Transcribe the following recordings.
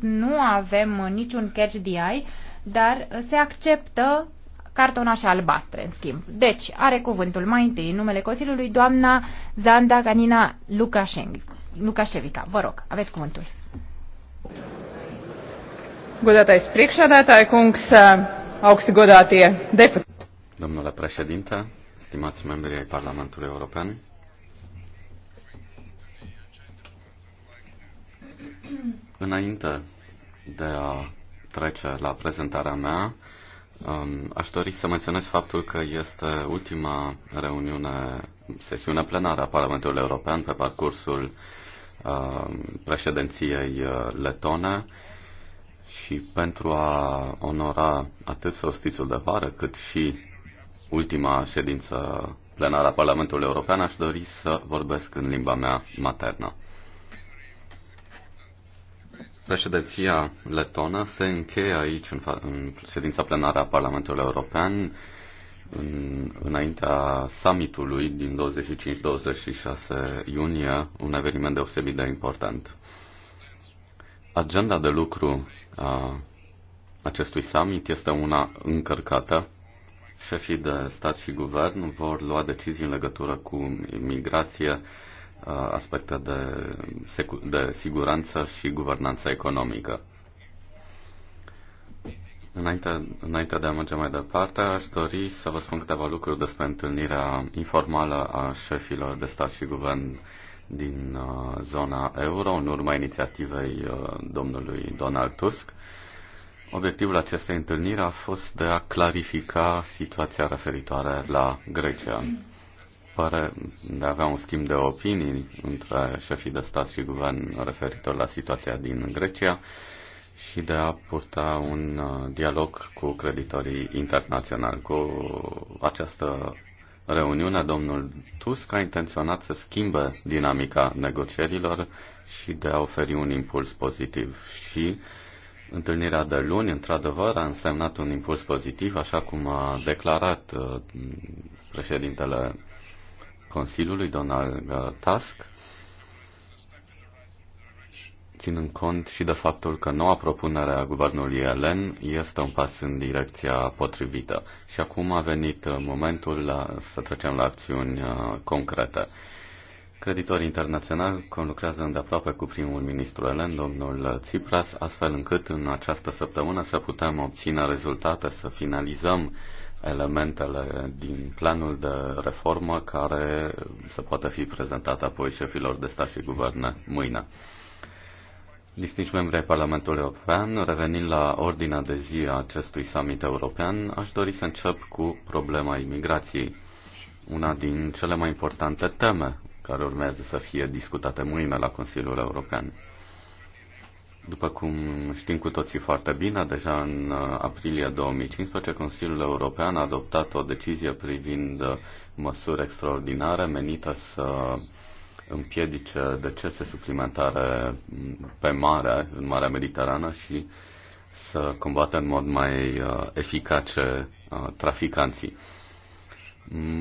nu avem niciun catch the eye, dar se acceptă cartonașe albastre, în schimb. Deci, are cuvântul mai întâi în numele Consiliului doamna Zanda Ganina Lukashevica. Vă rog, aveți cuvântul. Godātais priekšādātāja kungs, augsti godatie, deputāti. Domnule președinte, stimați membri ai Parlamentului European, Înainte de a trece la prezentarea mea, um, aș dori să menționez faptul că este ultima reuniune, sesiune plenară a Parlamentului European pe parcursul um, președinției uh, letone și pentru a onora atât solstițiul de vară cât și ultima ședință plenară a Parlamentului European, aș dori să vorbesc în limba mea maternă. Președinția letonă se încheie aici, în, în ședința plenară a Parlamentului European, în, înaintea summitului din 25-26 iunie, un eveniment deosebit de important. Agenda de lucru a acestui summit este una încărcată. Șefii de stat și guvern vor lua decizii în legătură cu migrație, Uh, aspecte de, de siguranță și guvernanță economică. Înainte, înainte de a merge mai departe, aș dori să vă spun câteva lucruri despre întâlnirea informală a șefilor de stat și guvern din uh, zona euro, în urma inițiativei uh, domnului Donald Tusk. Obiectivul acestei întâlniri a fost de a clarifica situația referitoare la Grecia pare, de a avea un schimb de opinii între șefii de stat și guvern referitor la situația din Grecia și de a purta un uh, dialog cu creditorii internaționali. Cu această reuniune, domnul Tusk a intenționat să schimbe dinamica negocierilor și de a oferi un impuls pozitiv. Și întâlnirea de luni, într-adevăr, a însemnat un impuls pozitiv, așa cum a declarat uh, președintele Consiliului, Donald uh, Tusk, ținând cont și de faptul că noua propunere a guvernului elen este un pas în direcția potrivită. Și acum a venit uh, momentul la, să trecem la acțiuni uh, concrete. Creditorii internaționali conlucrează îndeaproape cu primul ministru elen, domnul Tsipras, astfel încât în această săptămână să putem obține rezultate, să finalizăm uh, elementele din planul de reformă care se poate fi prezentat apoi șefilor de stat și guverne mâine. Distinși membri ai Parlamentului European, revenind la ordinea de zi a acestui summit european, aș dori să încep cu problema imigrației, una din cele mai importante teme care urmează să fie discutate mâine la Consiliul European. După cum știm cu toții foarte bine, deja în uh, aprilie 2015 Consiliul European a adoptat o decizie privind uh, măsuri extraordinare menită să împiedice decese suplimentare mm, pe mare, în Marea Mediterană și să combată în mod mai uh, eficace traficanții.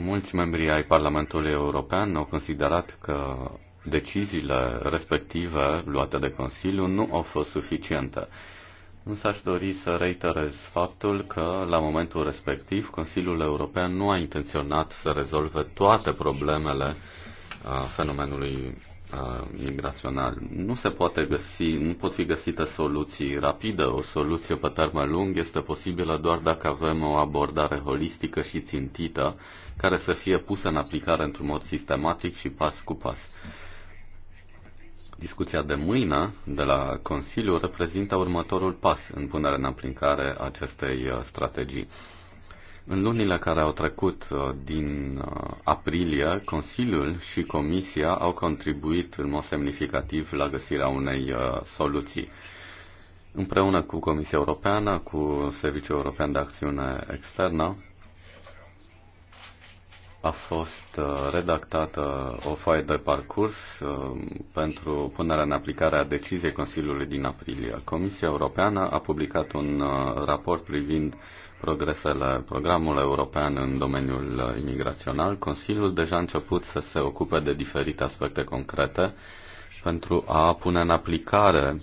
Mulți membri ai Parlamentului European au considerat că deciziile respective luate de Consiliu nu au fost suficiente. Însă aș dori să reiterez faptul că, la momentul respectiv, Consiliul European nu a intenționat să rezolve toate problemele a, fenomenului a, migrațional. Nu se poate găsi, nu pot fi găsite soluții rapide. O soluție pe termen lung este posibilă doar dacă avem o abordare holistică și țintită care să fie pusă în aplicare într-un mod sistematic și pas cu pas. Discuția de mâine de la Consiliu reprezintă următorul pas în punerea în aplicare acestei uh, strategii. În lunile care au trecut uh, din uh, aprilie, Consiliul și Comisia au contribuit în mod semnificativ la găsirea unei soluții. Împreună cu Comisia Europeană, cu Serviciul European de Acțiune Externă, a fost uh, redactată o foaie de parcurs uh, pentru punerea în aplicare a deciziei Consiliului din aprilie. Comisia Europeană a publicat un uh, raport privind progresele programului european în domeniul imigrațional. Consiliul deja a început să se ocupe de diferite aspecte concrete pentru a pune în aplicare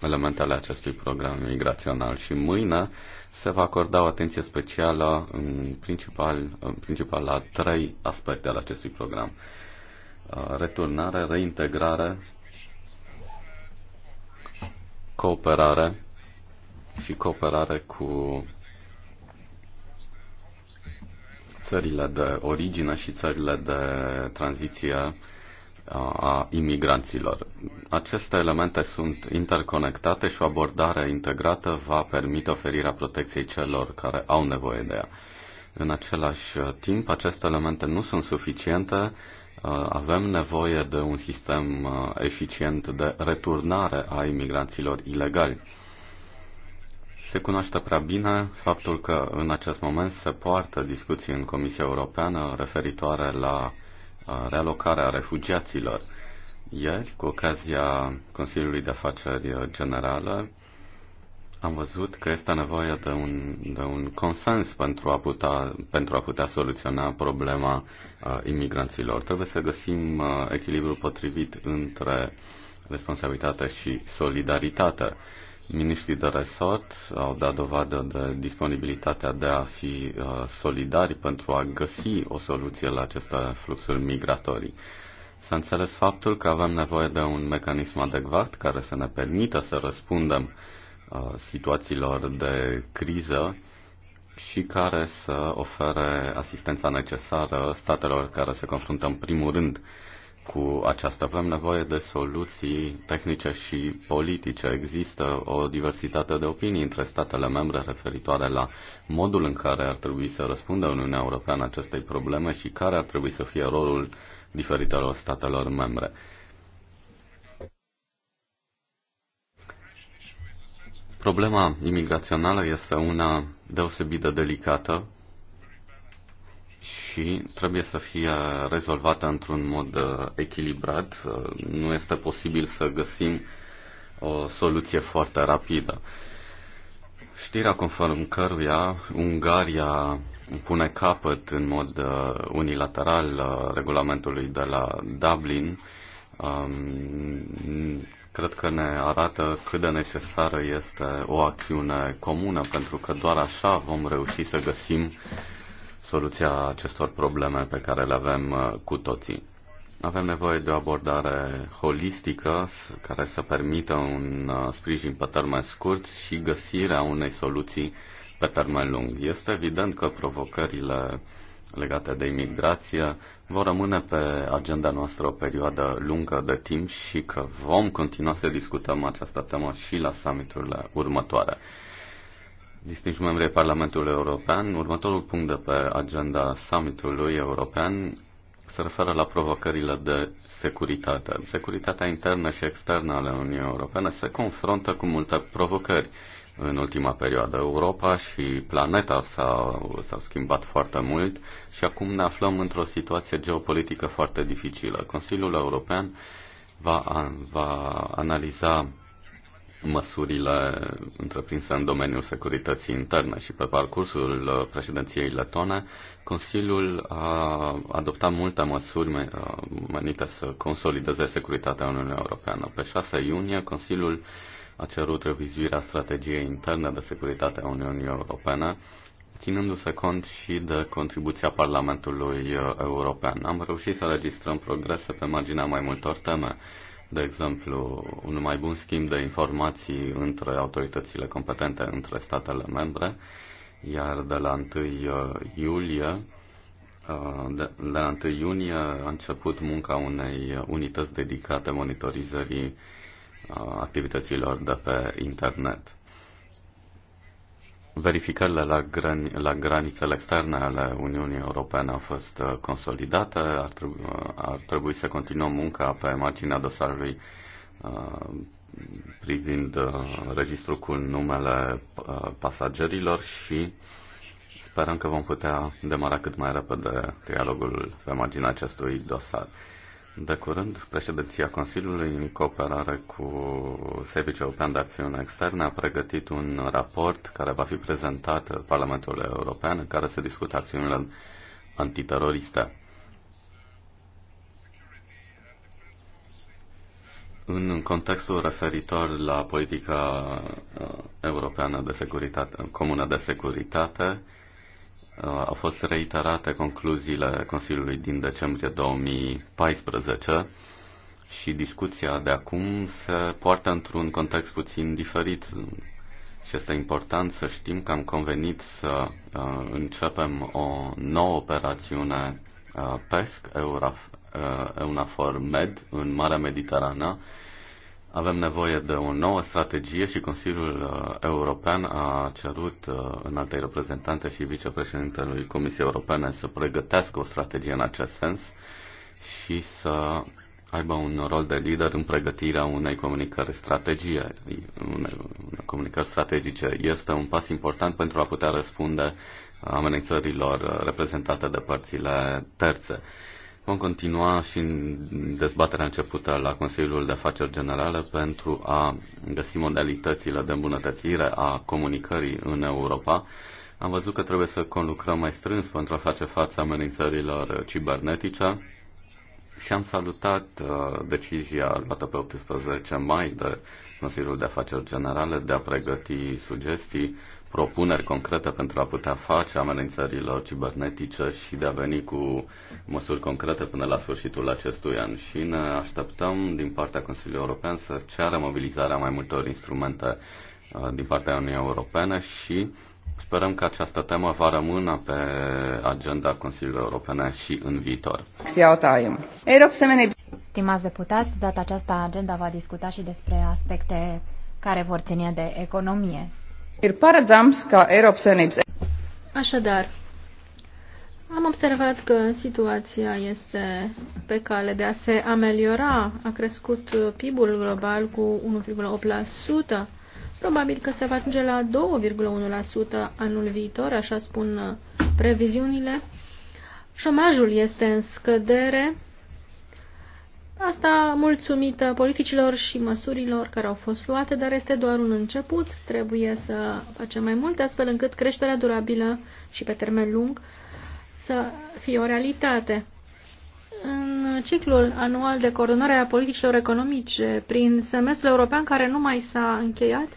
elementele acestui program imigrațional și mâine se va acorda o atenție specială în principal, în principal la trei aspecte ale acestui program. Uh, returnare, reintegrare, cooperare și cooperare cu țările de origine și țările de tranziție a imigranților. Aceste elemente sunt interconectate și o abordare integrată va permite oferirea protecției celor care au nevoie de ea. În același timp, aceste elemente nu sunt suficiente. Avem nevoie de un sistem eficient de returnare a imigranților ilegali. Se cunoaște prea bine faptul că în acest moment se poartă discuții în Comisia Europeană referitoare la uh, realocarea refugiaților. Ieri, cu ocazia Consiliului de Afaceri Generale, am văzut că este nevoie de un, de un consens pentru a putea, pentru a putea soluționa problema uh, imigranților. Trebuie să găsim uh, echilibrul potrivit între responsabilitate și solidaritate. Uh, Ministrii de resort au dat dovadă de disponibilitatea de a fi uh, solidari pentru a găsi o soluție la aceste fluxuri migratorii. S-a înțeles faptul că avem nevoie de un mecanism adecvat care să ne permită să răspundem uh, situațiilor de criză și care să ofere asistența necesară statelor care se confruntă în primul rând cu această Avem nevoie de soluții tehnice și politice. Există o diversitate de opinii între statele membre referitoare la modul în care ar trebui să răspundă Uniunea Europeană acestei probleme și care ar trebui să fie rolul diferitelor statelor membre. Problema imigrațională este una deosebit de delicată și trebuie să fie rezolvată într-un mod uh, echilibrat. Uh, nu este posibil să găsim o soluție foarte rapidă. Știrea conform căruia Ungaria pune capăt în mod uh, unilateral regulamentului de la Dublin um, cred că ne arată cât de necesară este o acțiune comună, pentru că doar așa vom reuși să găsim soluția acestor probleme pe care le avem uh, cu toții. Avem nevoie de o abordare holistică care să permită un uh, sprijin pe termen scurt și găsirea unei soluții pe termen lung. Este evident că provocările legate de imigrație vor rămâne pe agenda noastră o perioadă lungă de timp și că vom continua să discutăm această temă și la summiturile următoare distinși membrii Parlamentului European, următorul punct de pe agenda summitului european se referă la provocările de securitate. Securitatea internă și externă ale Uniunii Europene se confruntă cu multe provocări în ultima perioadă. Europa și planeta s-au, s-au schimbat foarte mult și acum ne aflăm într-o situație geopolitică foarte dificilă. Consiliul European va, va analiza măsurile întreprinse în domeniul securității interne și pe parcursul uh, președinției letone, Consiliul a adoptat multe măsuri uh, menite să consolideze securitatea Uniunii Europeană. Pe 6 iunie, Consiliul a cerut revizuirea strategiei interne de securitate a Uniunii Europene, ținându-se cont și de contribuția Parlamentului uh, European. Am reușit să registrăm progrese pe marginea mai multor teme de exemplu, un mai bun schimb de informații între autoritățile competente, între statele membre, iar de la 1 uh, iulie uh, de, de la 1 iunie a început munca unei unități dedicate monitorizării uh, activităților de pe internet. Verificările la, gran, la granițele externe ale Uniunii Europene au fost uh, consolidate, ar, trebui, uh, ar trebui să continuăm munca pe marginea dosarului uh, privind registrul cu numele pasagerilor și sperăm că vom putea demara cât mai repede dialogul pe marginea acestui dosar. De curând, președinția Consiliului, în cooperare cu Serviciul European de Acțiune Externe, a pregătit un raport care va fi prezentat Parlamentului European, în care se discută acțiunile antiteroriste. În contextul referitor la politica uh, europeană de securitate, comună de securitate, Uh, au fost reiterate concluziile Consiliului din decembrie 2014 și discuția de acum se poartă într-un context puțin diferit și este important să știm că am convenit să uh, începem o nouă operațiune uh, PESC, Euraf, uh, EUNAFOR MED, în Marea Mediterană, avem nevoie de o nouă strategie și Consiliul uh, European a cerut uh, în alte reprezentante și vicepreședintelui Comisiei Europene să pregătească o strategie în acest sens și să aibă un rol de lider în pregătirea unei comunicări strategie, unei, unei comunicări strategice. Este un pas important pentru a putea răspunde amenințărilor uh, reprezentate de părțile terțe. Vom continua și în dezbaterea începută la Consiliul de Afaceri Generale pentru a găsi modalitățile de îmbunătățire a comunicării în Europa. Am văzut că trebuie să conlucrăm mai strâns pentru a face față amenințărilor cibernetice și am salutat uh, decizia luată pe 18 mai de Consiliul de Afaceri Generale de a pregăti sugestii propuneri concrete pentru a putea face amenințărilor cibernetice și de a veni cu măsuri concrete până la sfârșitul acestui an. Și ne așteptăm din partea Consiliului European să ceară mobilizarea mai multor instrumente uh, din partea Uniunii Europene și sperăm că această temă va rămâne pe agenda Consiliului European și în viitor. Stimați deputați, data aceasta agenda va discuta și despre aspecte care vor ține de economie. Așadar, am observat că situația este pe cale de a se ameliora. A crescut PIB-ul global cu 1,8%. Probabil că se va ajunge la 2,1% anul viitor, așa spun previziunile. Șomajul este în scădere Asta mulțumită politicilor și măsurilor care au fost luate, dar este doar un început. Trebuie să facem mai multe astfel încât creșterea durabilă și pe termen lung să fie o realitate. În ciclul anual de coordonare a politicilor economice prin semestrul european care nu mai s-a încheiat,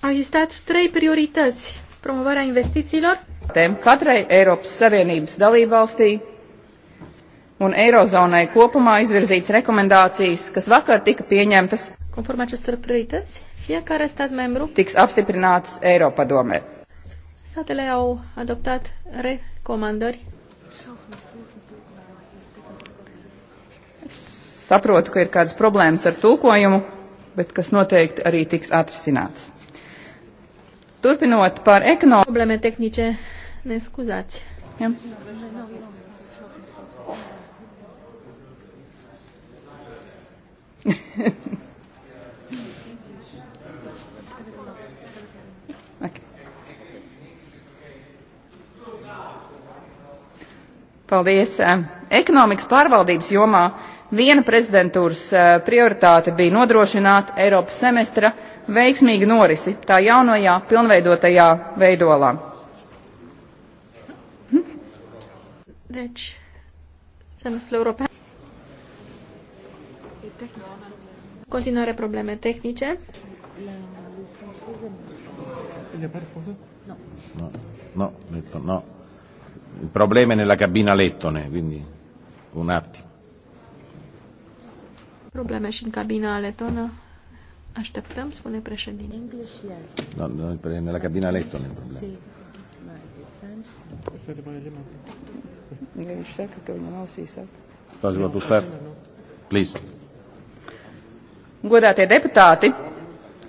au existat trei priorități. Promovarea investițiilor, Tēm katrai Eiropas Savienības dalībvalstī un eirozonai kopumā izvirzītas rekomendācijas, kas vakar tika pieņemtas. tiks apstiprinātas Eiropadomē. Statele au Saprotu, ka ir kādas problēmas ar tulkojumu, bet kas noteikti arī tiks atrisināts. Turpinot par ekonomiku. Probleme tehnice, ne Ja? Paldies. Ekonomikas pārvaldības jomā viena prezidentūras eh, prioritāte bija nodrošināt Eiropas semestra veiksmīgu norisi tā jaunajā pilnveidotajā veidolā. Deci, semestrul european continuare probleme tehnice. No. No, no, no. Il problema è nella cabina lettone, quindi un attimo. Problema și în cabina lettone. Așteptăm, spune președinte. No, no, nella cabina lettone il problema. Sì. Ma è il Io mi sa che non ho si sa. Posso passare? Please. Godate deputate,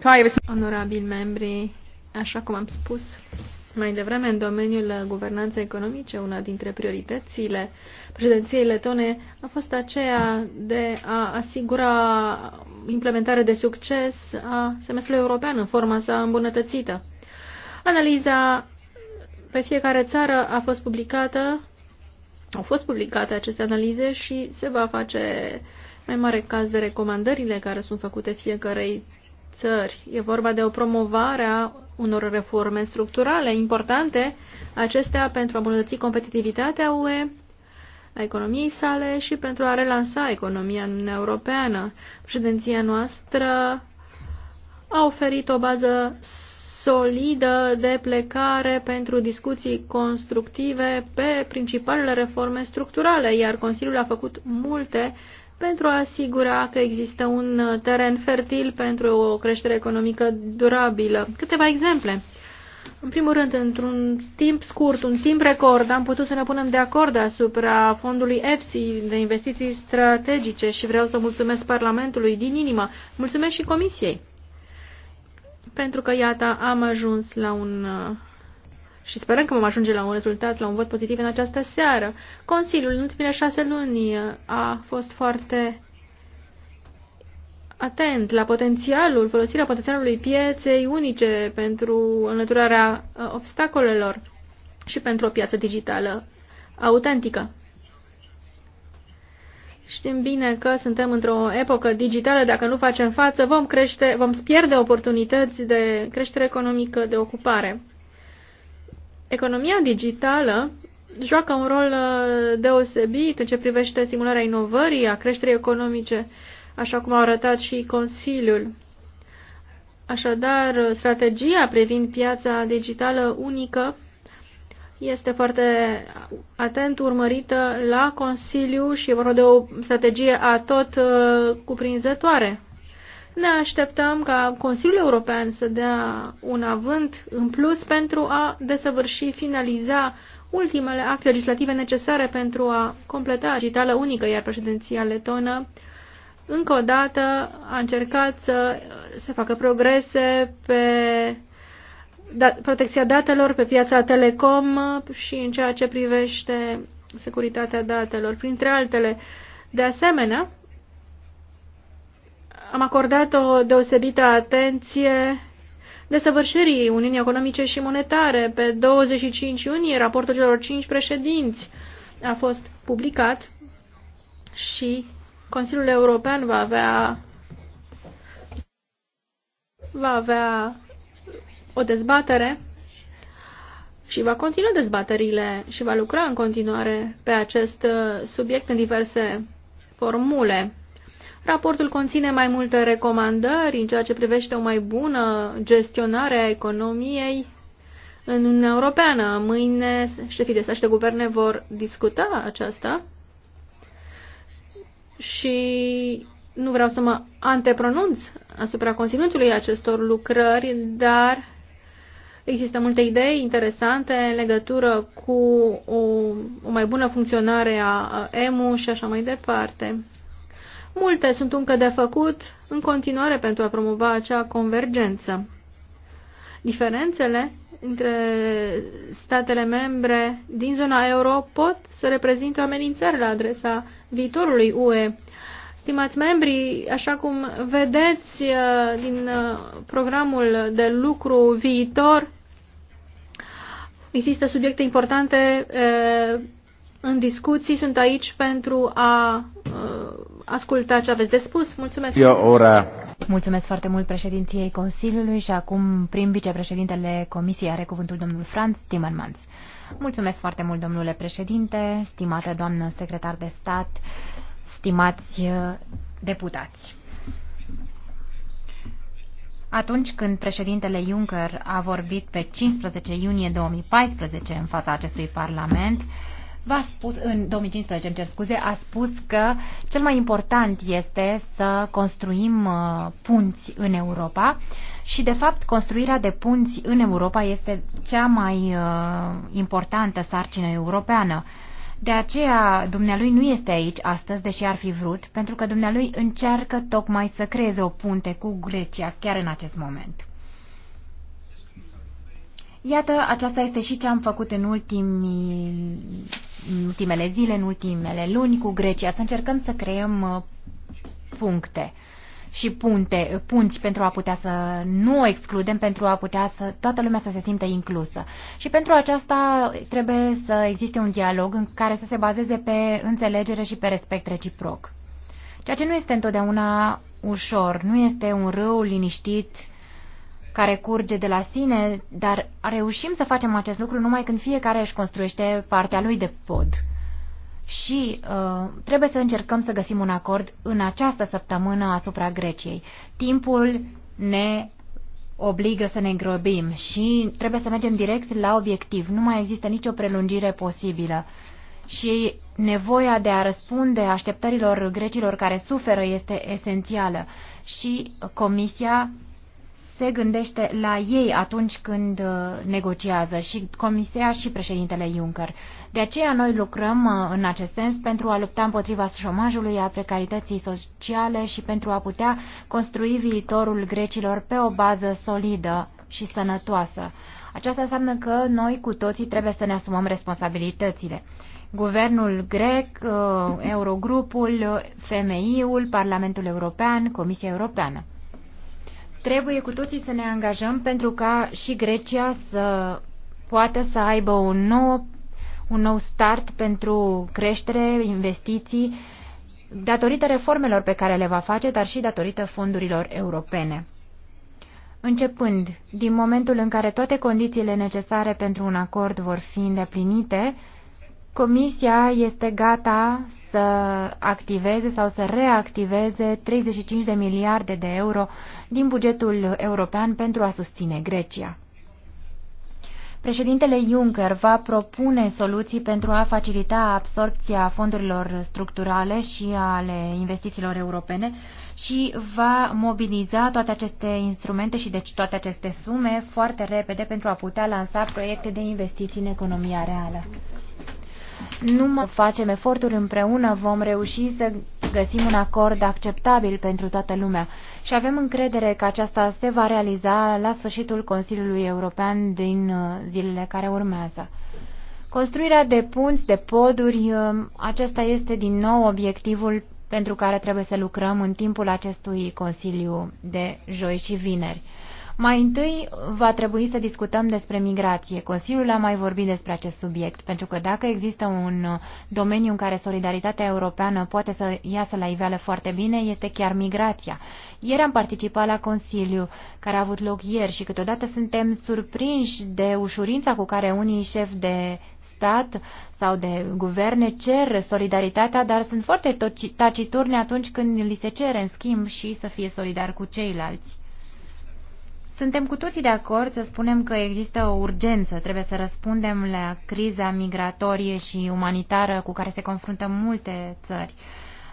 kā jau Onorabili membri, așa cum am spus mai devreme, în domeniul guvernanței economice, una dintre prioritățile președinției letone a fost aceea de a asigura implementare de succes a semestrului european în forma sa îmbunătățită. Analiza pe fiecare țară a fost publicată, au fost publicate aceste analize și se va face uh, mai mare caz de recomandările care sunt făcute fiecarei țări. E vorba de o promovare a unor reforme structurale importante, acestea pentru a îmbunătăți competitivitatea UE, a economiei sale și pentru a relansa economia în Uniunea Europeană. Președinția noastră a oferit o bază solidă de plecare pentru discuții constructive pe principalele reforme structurale, iar Consiliul a făcut multe pentru a asigura că există un uh, teren fertil pentru o creștere economică durabilă. Câteva exemple. În primul rând, într-un timp scurt, un timp record, am putut să ne punem de acord asupra fondului EFSI de investiții strategice și vreau să mulțumesc Parlamentului din inimă, mulțumesc și Comisiei, pentru că, iată, am ajuns la un uh, și sperăm că vom ajunge la un rezultat, la un vot pozitiv în această seară. Consiliul în ultimele șase luni a fost foarte atent la potențialul, folosirea potențialului pieței unice pentru înlăturarea uh, obstacolelor și pentru o piață digitală autentică. Știm bine că suntem într-o epocă digitală, dacă nu facem față, vom crește, vom pierde oportunități de creștere economică, de ocupare. Economia digitală joacă un rol uh, deosebit în ce privește stimularea inovării, a creșterii economice, așa cum a arătat și Consiliul. Așadar, strategia privind piața digitală unică este foarte atent urmărită la Consiliu și vorba de o strategie a tot uh, cuprinzătoare. Ne așteptăm ca Consiliul European să dea un avânt în plus pentru a desăvârși, finaliza ultimele acte legislative necesare pentru a completa digitală unică, iar președinția letonă încă o dată a încercat să se facă progrese pe da, protecția datelor pe piața telecom și în ceea ce privește securitatea datelor, printre altele. De asemenea, am acordat o deosebită atenție desăvârșirii Uniunii Economice și Monetare. Pe 25 iunie, raportul celor 5 președinți a fost publicat și Consiliul European va avea va avea o dezbatere și va continua dezbaterile și va lucra în continuare pe acest uh, subiect în diverse formule. Raportul conține mai multe recomandări în ceea ce privește o mai bună gestionare a economiei în Uniunea Europeană. Mâine șefii de stat de guverne vor discuta aceasta și nu vreau să mă antepronunț asupra conținutului acestor lucrări, dar există multe idei interesante în legătură cu o, o mai bună funcționare a EMU și așa mai departe. Multe sunt încă de făcut în continuare pentru a promova acea convergență. Diferențele între statele membre din zona euro pot să reprezinte o amenințare la adresa viitorului UE. Stimați membri, așa cum vedeți uh, din uh, programul de lucru viitor, există subiecte importante uh, în discuții. Sunt aici pentru a asculta ce aveți de spus. Mulțumesc. Eu ora. Mulțumesc foarte mult președinției Consiliului și acum prim vicepreședintele Comisiei are cuvântul domnul Franz Timmermans. Mulțumesc foarte mult, domnule președinte, stimată doamnă secretar de stat, stimați uh, deputați. Atunci când președintele Juncker a vorbit pe 15 iunie 2014 în fața acestui parlament, v-a spus, în 2015, îmi cer scuze, a spus că cel mai important este să construim uh, punți în Europa și, de fapt, construirea de punți în Europa este cea mai uh, importantă sarcină europeană. De aceea, dumnealui nu este aici astăzi, deși ar fi vrut, pentru că dumnealui încearcă tocmai să creeze o punte cu Grecia chiar în acest moment. Iată, aceasta este și ce am făcut în ultimii în ultimele zile, în ultimele luni cu Grecia, să încercăm să creăm uh, puncte și punte, punți pentru a putea să nu excludem, pentru a putea să toată lumea să se simtă inclusă. Și pentru aceasta trebuie să existe un dialog în care să se bazeze pe înțelegere și pe respect reciproc. Ceea ce nu este întotdeauna ușor, nu este un râu liniștit care curge de la sine, dar reușim să facem acest lucru numai când fiecare își construiește partea lui de pod. Și uh, trebuie să încercăm să găsim un acord în această săptămână asupra Greciei. Timpul ne obligă să ne grăbim și trebuie să mergem direct la obiectiv. Nu mai există nicio prelungire posibilă. Și nevoia de a răspunde așteptărilor grecilor care suferă este esențială. Și Comisia se gândește la ei atunci când uh, negociază și Comisia și președintele Juncker. De aceea noi lucrăm uh, în acest sens pentru a lupta împotriva șomajului, a precarității sociale și pentru a putea construi viitorul grecilor pe o bază solidă și sănătoasă. Aceasta înseamnă că noi cu toții trebuie să ne asumăm responsabilitățile. Guvernul grec, uh, Eurogrupul, FMI-ul, Parlamentul European, Comisia Europeană. Trebuie cu toții să ne angajăm pentru ca și Grecia să poată să aibă un nou, un nou start pentru creștere, investiții, datorită reformelor pe care le va face, dar și datorită fondurilor europene. Începând din momentul în care toate condițiile necesare pentru un acord vor fi îndeplinite, Comisia este gata să activeze sau să reactiveze 35 de miliarde de euro din bugetul european pentru a susține Grecia. Președintele Juncker va propune soluții pentru a facilita absorpția fondurilor structurale și ale investițiilor europene și va mobiliza toate aceste instrumente și deci toate aceste sume foarte repede pentru a putea lansa proiecte de investiții în economia reală mă facem eforturi împreună vom reuși să găsim un acord acceptabil pentru toată lumea și avem încredere că aceasta se va realiza la sfârșitul Consiliului European din uh, zilele care urmează. Construirea de punți, de poduri, uh, acesta este din nou obiectivul pentru care trebuie să lucrăm în timpul acestui Consiliu de joi și vineri. Mai întâi va trebui să discutăm despre migrație. Consiliul a mai vorbit despre acest subiect, pentru că dacă există un domeniu în care solidaritatea europeană poate să iasă la iveală foarte bine, este chiar migrația. Ieri am participat la Consiliu, care a avut loc ieri și câteodată suntem surprinși de ușurința cu care unii șefi de stat sau de guverne cer solidaritatea, dar sunt foarte taciturni atunci când li se cere în schimb și să fie solidar cu ceilalți. Suntem cu toții de acord să spunem că există o urgență, trebuie să răspundem la criza migratorie și umanitară cu care se confruntă multe țări.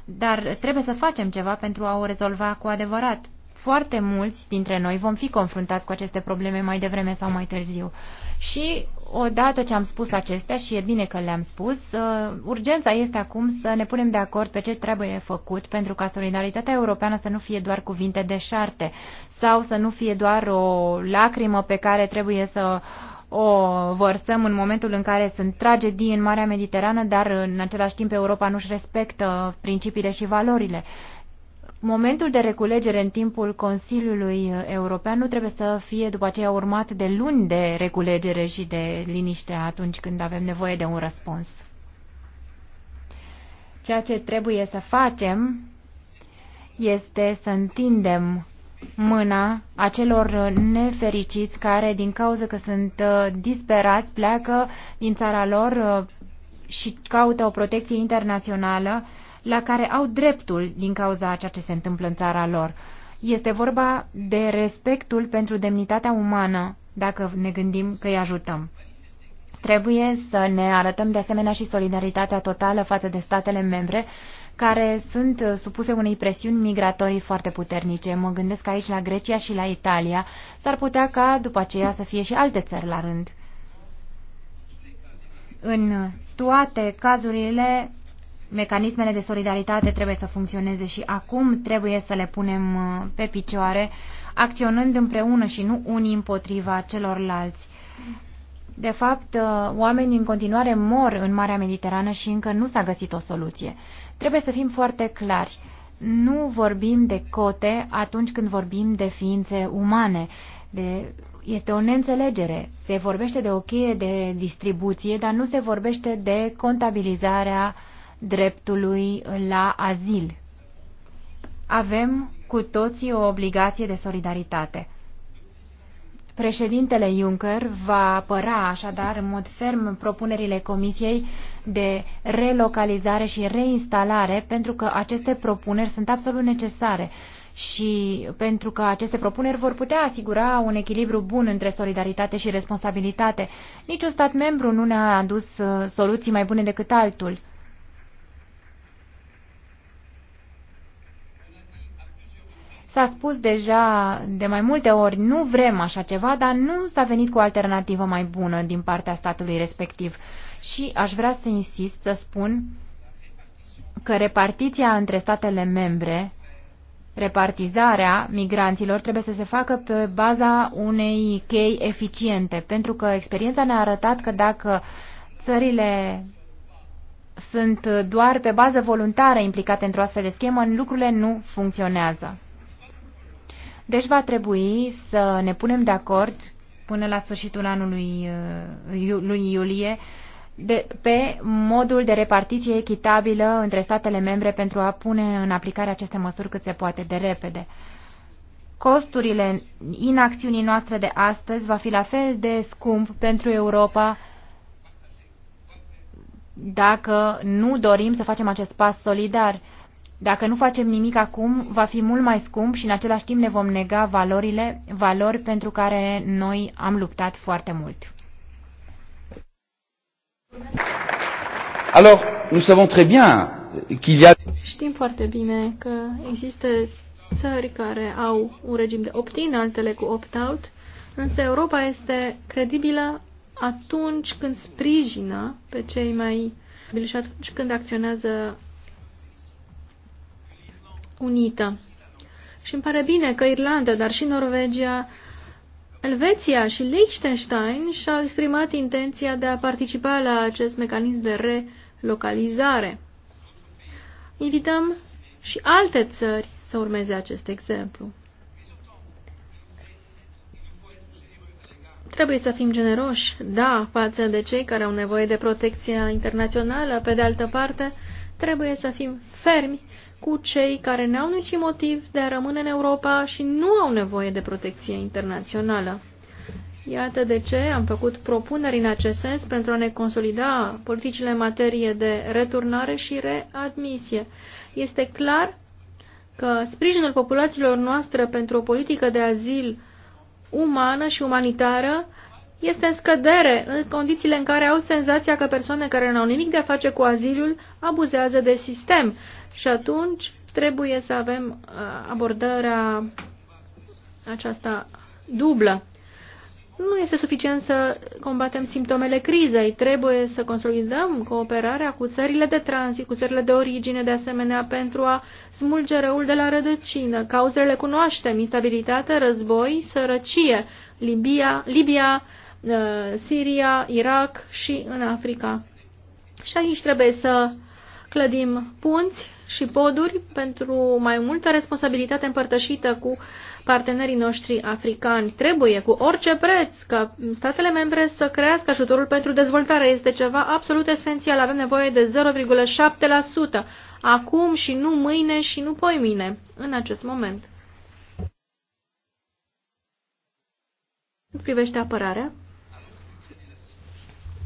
Dar trebuie să facem ceva pentru a o rezolva cu adevărat. Foarte mulți dintre noi vom fi confruntați cu aceste probleme mai devreme sau mai târziu. Și Odată ce am spus acestea, și e bine că le-am spus, uh, urgența este acum să ne punem de acord pe ce trebuie făcut pentru ca solidaritatea europeană să nu fie doar cuvinte de șarte sau să nu fie doar o lacrimă pe care trebuie să o vărsăm în momentul în care sunt tragedii în Marea Mediterană, dar în același timp Europa nu-și respectă principiile și valorile. Momentul de reculegere în timpul Consiliului uh, European nu trebuie să fie după aceea urmat de luni de reculegere și de liniște atunci când avem nevoie de un răspuns. Ceea ce trebuie să facem este să întindem mâna acelor nefericiți care, din cauza că sunt uh, disperați, pleacă din țara lor uh, și caută o protecție internațională la care au dreptul din cauza a ceea ce se întâmplă în țara lor. Este vorba de respectul pentru demnitatea umană, dacă ne gândim că îi ajutăm. Trebuie să ne arătăm de asemenea și solidaritatea totală față de statele membre care sunt supuse unei presiuni migratorii foarte puternice. Mă gândesc aici la Grecia și la Italia. S-ar putea ca după aceea să fie și alte țări la rând. În toate cazurile, mecanismele de solidaritate trebuie să funcționeze și acum trebuie să le punem uh, pe picioare, acționând împreună și nu unii împotriva celorlalți. De fapt, uh, oamenii în continuare mor în Marea Mediterană și încă nu s-a găsit o soluție. Trebuie să fim foarte clari. Nu vorbim de cote atunci când vorbim de ființe umane. De... Este o neînțelegere. Se vorbește de o cheie de distribuție, dar nu se vorbește de contabilizarea uh, dreptului la azil. Avem cu toții o obligație de solidaritate. Președintele Juncker va apăra așadar în mod ferm propunerile Comisiei de relocalizare și reinstalare pentru că aceste propuneri sunt absolut necesare și pentru că aceste propuneri vor putea asigura un echilibru bun între solidaritate și responsabilitate. Niciun stat membru nu ne-a adus uh, soluții mai bune decât altul. S-a spus deja de mai multe ori, nu vrem așa ceva, dar nu s-a venit cu o alternativă mai bună din partea statului respectiv. Și aș vrea să insist să spun că repartiția între statele membre, repartizarea migranților trebuie să se facă pe baza unei chei eficiente, pentru că experiența ne-a arătat că dacă țările sunt doar pe bază voluntară implicate într-o astfel de schemă, lucrurile nu funcționează. Deci va trebui să ne punem de acord până la sfârșitul anului uh, lui iulie de, pe modul de repartiție echitabilă între statele membre pentru a pune în aplicare aceste măsuri cât se poate de repede. Costurile inacțiunii noastre de astăzi va fi la fel de scump pentru Europa dacă nu dorim să facem acest pas solidar. Dacă nu facem nimic acum, va fi mult mai scump și în același timp ne vom nega valorile, valori pentru care noi am luptat foarte mult. Alors, nous savons très bien qu'il y a... Știm foarte bine că există țări care au un regim de opt-in, altele cu opt-out, însă Europa este credibilă atunci când sprijină pe cei mai și atunci când acționează unită. Și îmi pare bine că Irlanda, dar și Norvegia, Elveția și Liechtenstein și-au exprimat intenția de a participa la acest mecanism de relocalizare. Invităm și alte țări să urmeze acest exemplu. Trebuie să fim generoși, da, față de cei care au nevoie de protecția internațională, pe de altă parte, trebuie să fim fermi cu cei care n-au niciun motiv de a rămâne în Europa și nu au nevoie de protecție internațională. Iată de ce am făcut propuneri în acest sens pentru a ne consolida politicile în materie de returnare și readmisie. Este clar că sprijinul populațiilor noastre pentru o politică de azil umană și umanitară este în scădere în condițiile în care au senzația că persoane care nu au nimic de a face cu azilul abuzează de sistem și atunci trebuie să avem uh, abordarea aceasta dublă. Nu este suficient să combatem simptomele crizei, trebuie să consolidăm cooperarea cu țările de tranzit, cu țările de origine, de asemenea, pentru a smulge răul de la rădăcină. Cauzele le cunoaștem, instabilitate, război, sărăcie. Libia, Libia Uh, Siria, Irak și în Africa. Și aici trebuie să clădim punți și poduri pentru mai multă responsabilitate împărtășită cu partenerii noștri africani. Trebuie cu orice preț ca statele membre să crească ajutorul pentru dezvoltare. Este ceva absolut esențial. Avem nevoie de 0,7% acum și nu mâine și nu poimine, în acest moment. privește apărarea,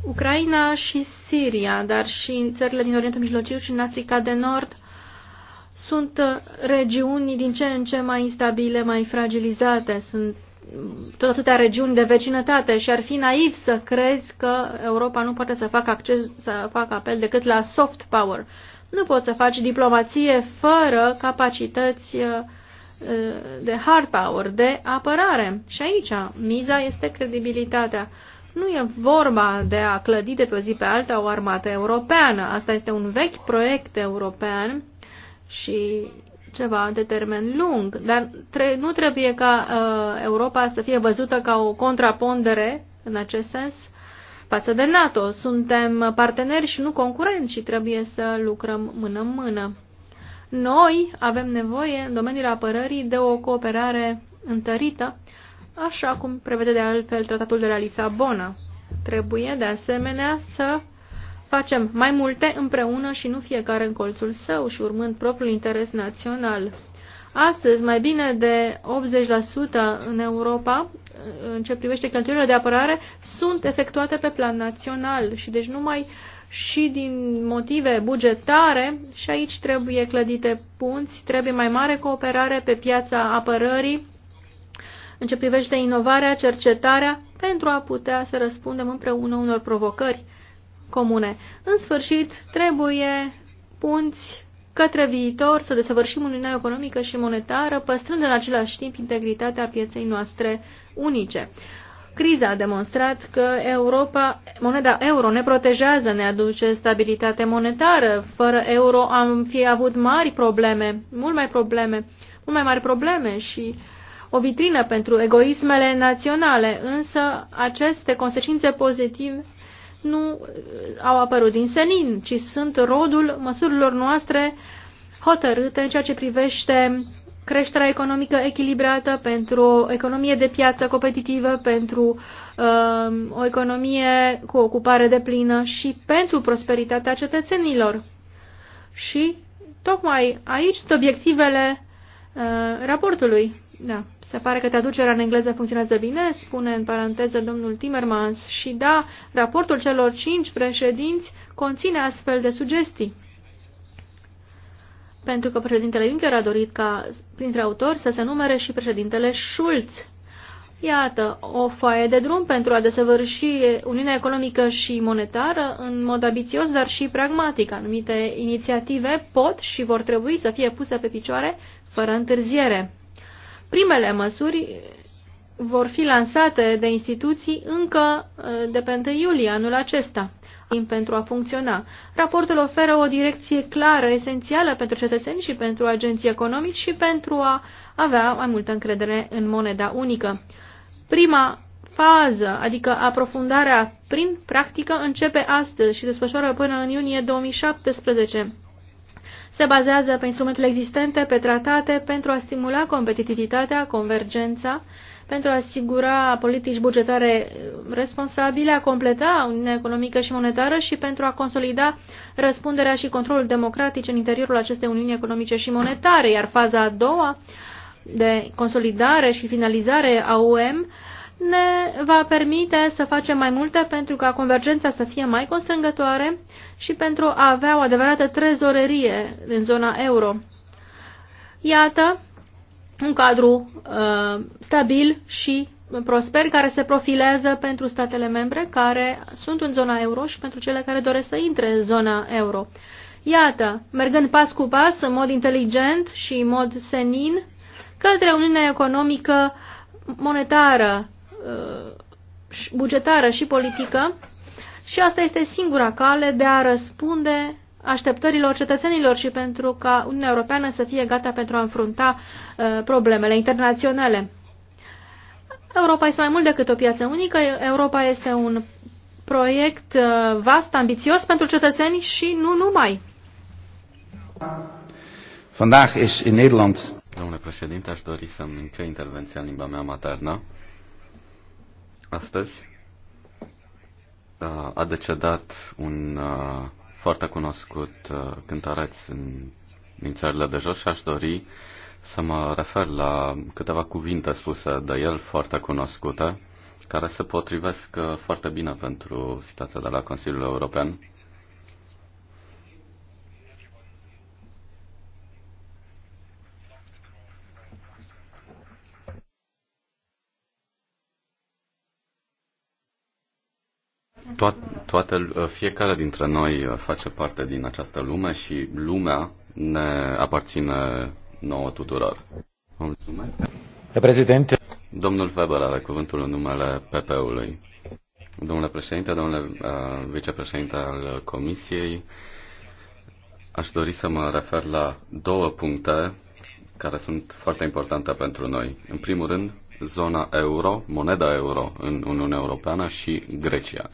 Ucraina și Siria, dar și în țările din Orientul Mijlociu și în Africa de Nord, sunt uh, regiuni din ce în ce mai instabile, mai fragilizate. Sunt mm, tot atâtea regiuni de vecinătate și ar fi naiv să crezi că Europa nu poate să facă, acces, să facă apel decât la soft power. Nu poți să faci diplomație fără capacități uh, uh, de hard power, de apărare. Și aici miza este credibilitatea. Nu e vorba de a clădi de pe o zi pe alta o armată europeană. Asta este un vechi proiect european și ceva de termen lung, dar tre- nu trebuie ca uh, Europa să fie văzută ca o contrapondere în acest sens față de NATO. Suntem parteneri și nu concurenți și trebuie să lucrăm mână-mână. Noi avem nevoie în domeniul apărării de o cooperare întărită așa cum prevede de altfel tratatul de la Lisabona. Trebuie, de asemenea, să facem mai multe împreună și nu fiecare în colțul său și urmând propriul interes național. Astăzi, mai bine de 80% în Europa, în ce privește cheltuielile de apărare, sunt efectuate pe plan național și deci numai și din motive bugetare și aici trebuie clădite punți, trebuie mai mare cooperare pe piața apărării, în ce privește inovarea, cercetarea, pentru a putea să răspundem împreună unor provocări comune. În sfârșit, trebuie punți către viitor să desăvârșim uniunea economică și monetară, păstrând în același timp integritatea pieței noastre unice. Criza a demonstrat că Europa, moneda euro ne protejează, ne aduce stabilitate monetară. Fără euro am fi avut mari probleme, mult mai probleme, mult mai mari probleme și uh, o vitrină pentru egoismele naționale, însă aceste consecințe pozitive nu au apărut din senin, ci sunt rodul măsurilor noastre hotărâte în ceea ce privește creșterea economică echilibrată, pentru o economie de piață competitivă, pentru uh, o economie cu ocupare de plină și pentru prosperitatea cetățenilor. Și tocmai aici sunt obiectivele uh, raportului. Da. Se pare că traducerea în engleză funcționează bine, spune în paranteză domnul Timmermans. Și da, raportul celor cinci președinți conține astfel de sugestii. Pentru că președintele Juncker a dorit ca printre autori să se numere și președintele Schulz. Iată, o foaie de drum pentru a desăvârși Uniunea Economică și Monetară în mod ambițios, dar și pragmatic. Anumite inițiative pot și vor trebui să fie puse pe picioare fără întârziere. Primele măsuri vor fi lansate de instituții încă eh, de pe 1 iulie anul acesta pentru a funcționa. Raportul oferă o direcție clară, esențială pentru cetățeni și pentru agenții economici și pentru a avea mai multă încredere în moneda unică. Prima fază, adică aprofundarea prin practică, începe astăzi și desfășoară până în iunie 2017 se bazează pe instrumentele existente, pe tratate, pentru a stimula competitivitatea, convergența, pentru a asigura politici bugetare responsabile, a completa Uniunea Economică și Monetară și pentru a consolida răspunderea și controlul democratic în interiorul acestei Uniuni Economice și Monetare, iar faza a doua de consolidare și finalizare a UEM ne va permite să facem mai multe pentru ca convergența să fie mai constrângătoare și pentru a avea o adevărată trezorerie în zona euro. Iată un cadru uh, stabil și prosper care se profilează pentru statele membre care sunt în zona euro și pentru cele care doresc să intre în zona euro. Iată, mergând pas cu pas, în mod inteligent și în mod senin, către Uniunea Economică Monetară Uh, bugetară și politică și asta este singura cale de a răspunde așteptărilor cetățenilor și pentru ca Uniunea Europeană să fie gata pentru a înfrunta uh, problemele internaționale. Europa este mai mult decât o piață unică, Europa este un proiect uh, vast, ambițios pentru cetățeni și nu numai. Vandaag is in Nederland. Domnule președinte, aș dori să-mi încheie intervenția în limba mea maternă. Astăzi a decedat un foarte cunoscut cântăreț din țările de jos și aș dori să mă refer la câteva cuvinte spuse de el foarte cunoscute, care se potrivesc foarte bine pentru situația de la Consiliul European to- toată, uh, fiecare dintre noi uh, face parte din această lume și lumea ne aparține nouă tuturor. Vă mulțumesc. Președinte. Domnul Weber are cuvântul în numele PP-ului. Domnule președinte, domnule uh, vicepreședinte al Comisiei, aș dori să mă refer la două puncte care sunt foarte importante pentru noi. În primul rând, zona euro, moneda euro în Uniunea Europeană și Grecia.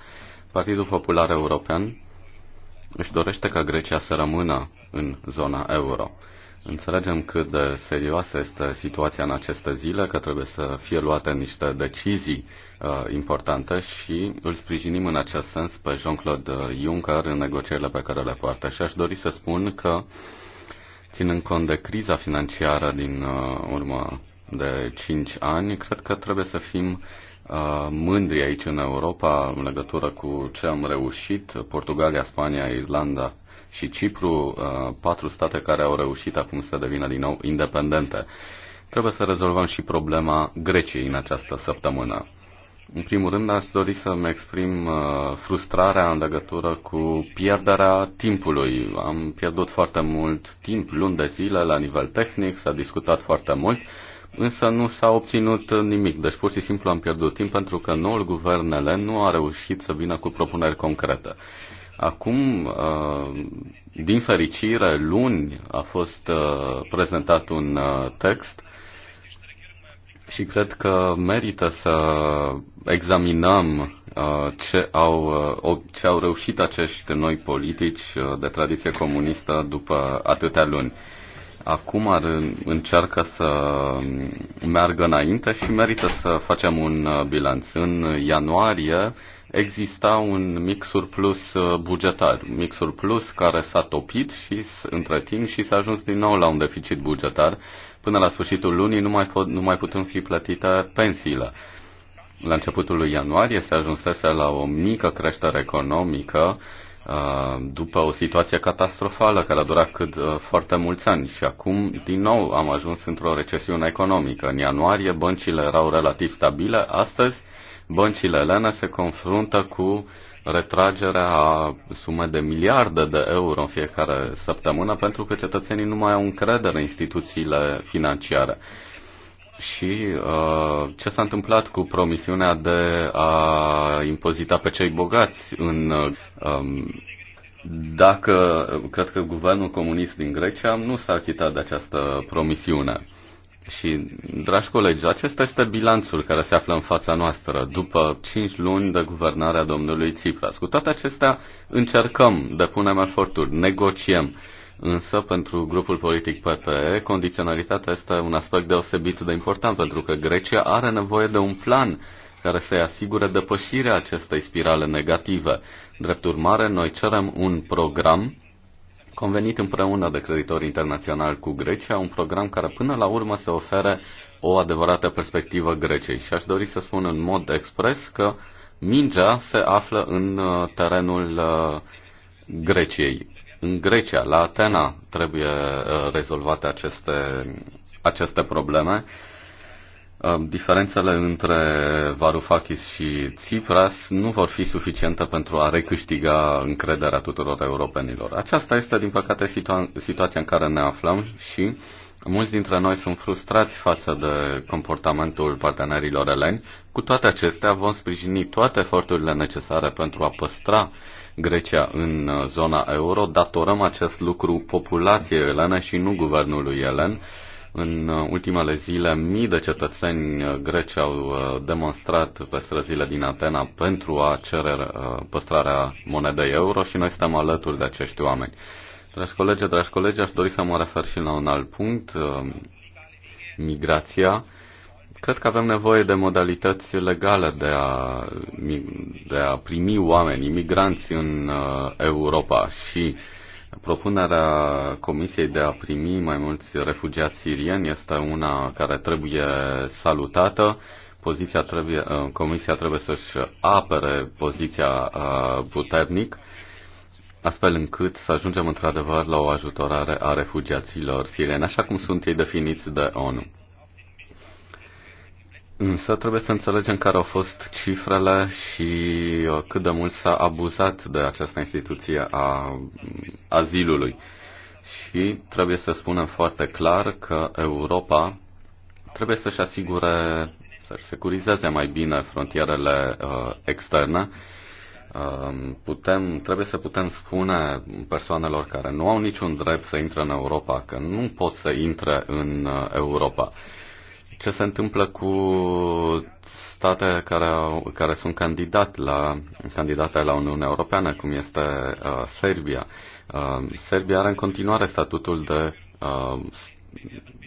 Partidul Popular European își dorește ca Grecia să rămână în zona euro. Înțelegem cât de serioasă este situația în aceste zile, că trebuie să fie luate niște decizii uh, importante și îl sprijinim în acest sens pe Jean-Claude uh, Juncker în negocierile pe care le poartă. Și aș dori să spun că, ținând cont de criza financiară din uh, urmă de 5 ani, cred că trebuie să fim mândri aici în Europa în legătură cu ce am reușit. Portugalia, Spania, Irlanda și Cipru, patru state care au reușit acum să devină din nou independente. Trebuie să rezolvăm și problema Greciei în această săptămână. În primul rând, aș dori să-mi exprim frustrarea în legătură cu pierderea timpului. Am pierdut foarte mult timp, luni de zile, la nivel tehnic, s-a discutat foarte mult însă nu s-a obținut nimic. Deci pur și simplu am pierdut timp pentru că noul guvern elen nu a reușit să vină cu propuneri concrete. Acum, uh, din fericire, luni a fost uh, prezentat un uh, text și cred că merită să examinăm ce au, ce au reușit acești noi politici de tradiție comunistă după atâtea luni acum ar, încearcă să meargă înainte și merită să facem un uh, bilanț. În ianuarie exista un mic surplus uh, bugetar, mic surplus care s-a topit și între timp și s-a ajuns din nou la un deficit bugetar. Până la sfârșitul lunii nu mai, pot, nu mai putem fi plătite pensiile. La începutul lui ianuarie se ajunsese la o mică creștere economică, uh, Uh, după o situație catastrofală care a durat cât uh, foarte mulți ani și acum din nou am ajuns într-o recesiune economică. În ianuarie băncile erau relativ stabile, astăzi băncile elene se confruntă cu retragerea a sume de miliarde de euro în fiecare săptămână pentru că cetățenii nu mai au încredere în instituțiile financiare. Și uh, ce s-a întâmplat cu promisiunea de a impozita pe cei bogați în. Uh, um, dacă cred că guvernul comunist din Grecia nu s-a achitat de această promisiune. Și, dragi colegi, acesta este bilanțul care se află în fața noastră după 5 luni de guvernare a domnului Tsipras. Cu toate acestea, încercăm, depunem eforturi, negociem Însă, pentru grupul politic PPE, condiționalitatea este un aspect deosebit de important, pentru că Grecia are nevoie de un plan care să-i asigure depășirea acestei spirale negative. Drept urmare, noi cerem un program convenit împreună de creditori internaționali cu Grecia, un program care până la urmă să ofere o adevărată perspectivă Greciei. Și aș dori să spun în mod expres că mingea se află în uh, terenul uh, Greciei în Grecia, la Atena, trebuie uh, rezolvate aceste, aceste probleme. Uh, diferențele între Varoufakis și Tsipras nu vor fi suficiente pentru a recâștiga încrederea tuturor europenilor. Aceasta este, din păcate, situa- situația în care ne aflăm și mulți dintre noi sunt frustrați față de comportamentul partenerilor eleni. Cu toate acestea, vom sprijini toate eforturile necesare pentru a păstra uh, Grecia în uh, zona euro. Datorăm acest lucru populației elene și nu guvernului elen. În uh, ultimele zile, mii de cetățeni uh, greci au demonstrat pe străzile din Atena pentru a cere păstrarea monedei euro și noi suntem alături de acești oameni. Dragi colegi, dragi colegi, aș dori să mă refer și la un alt punct, migrația. Cred că avem nevoie de modalități legale de a, de a primi oameni, imigranți în uh, Europa și propunerea Comisiei de a primi mai mulți refugiați sirieni este una care trebuie salutată. Poziția trebuie, uh, comisia trebuie să-și apere poziția uh, puternic astfel încât să ajungem într-adevăr la o ajutorare a refugiaților sirieni, așa cum sunt ei definiți de ONU. Însă trebuie să înțelegem care au fost cifrele și uh, cât de mult s-a abuzat de această instituție a mm, azilului. Și trebuie să spunem foarte clar că Europa trebuie să-și asigure, să-și securizeze mai bine frontierele uh, externe. Uh, putem, trebuie să putem spune persoanelor care nu au niciun drept să intre în Europa că nu pot să intre în uh, Europa. Uh, ce se întâmplă cu state care, au, care sunt candidat la, candidate la Uniunea Europeană, cum este uh, Serbia? Uh, Serbia are în continuare statutul de uh,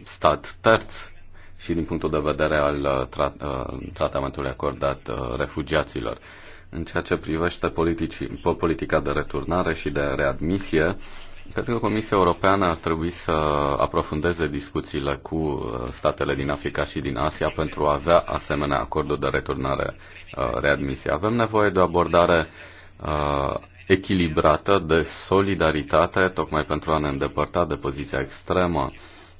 stat terț și din punctul de vedere al uh, tra, uh, tratamentului acordat uh, refugiaților. În ceea ce privește politici, politica de returnare și de readmisie, uh, Cred că Comisia Europeană ar trebui să aprofundeze discuțiile cu uh, statele din Africa și din Asia pentru a avea asemenea acorduri de returnare uh, readmisie. Avem nevoie de o abordare uh, echilibrată de solidaritate, tocmai pentru a ne îndepărta de poziția extremă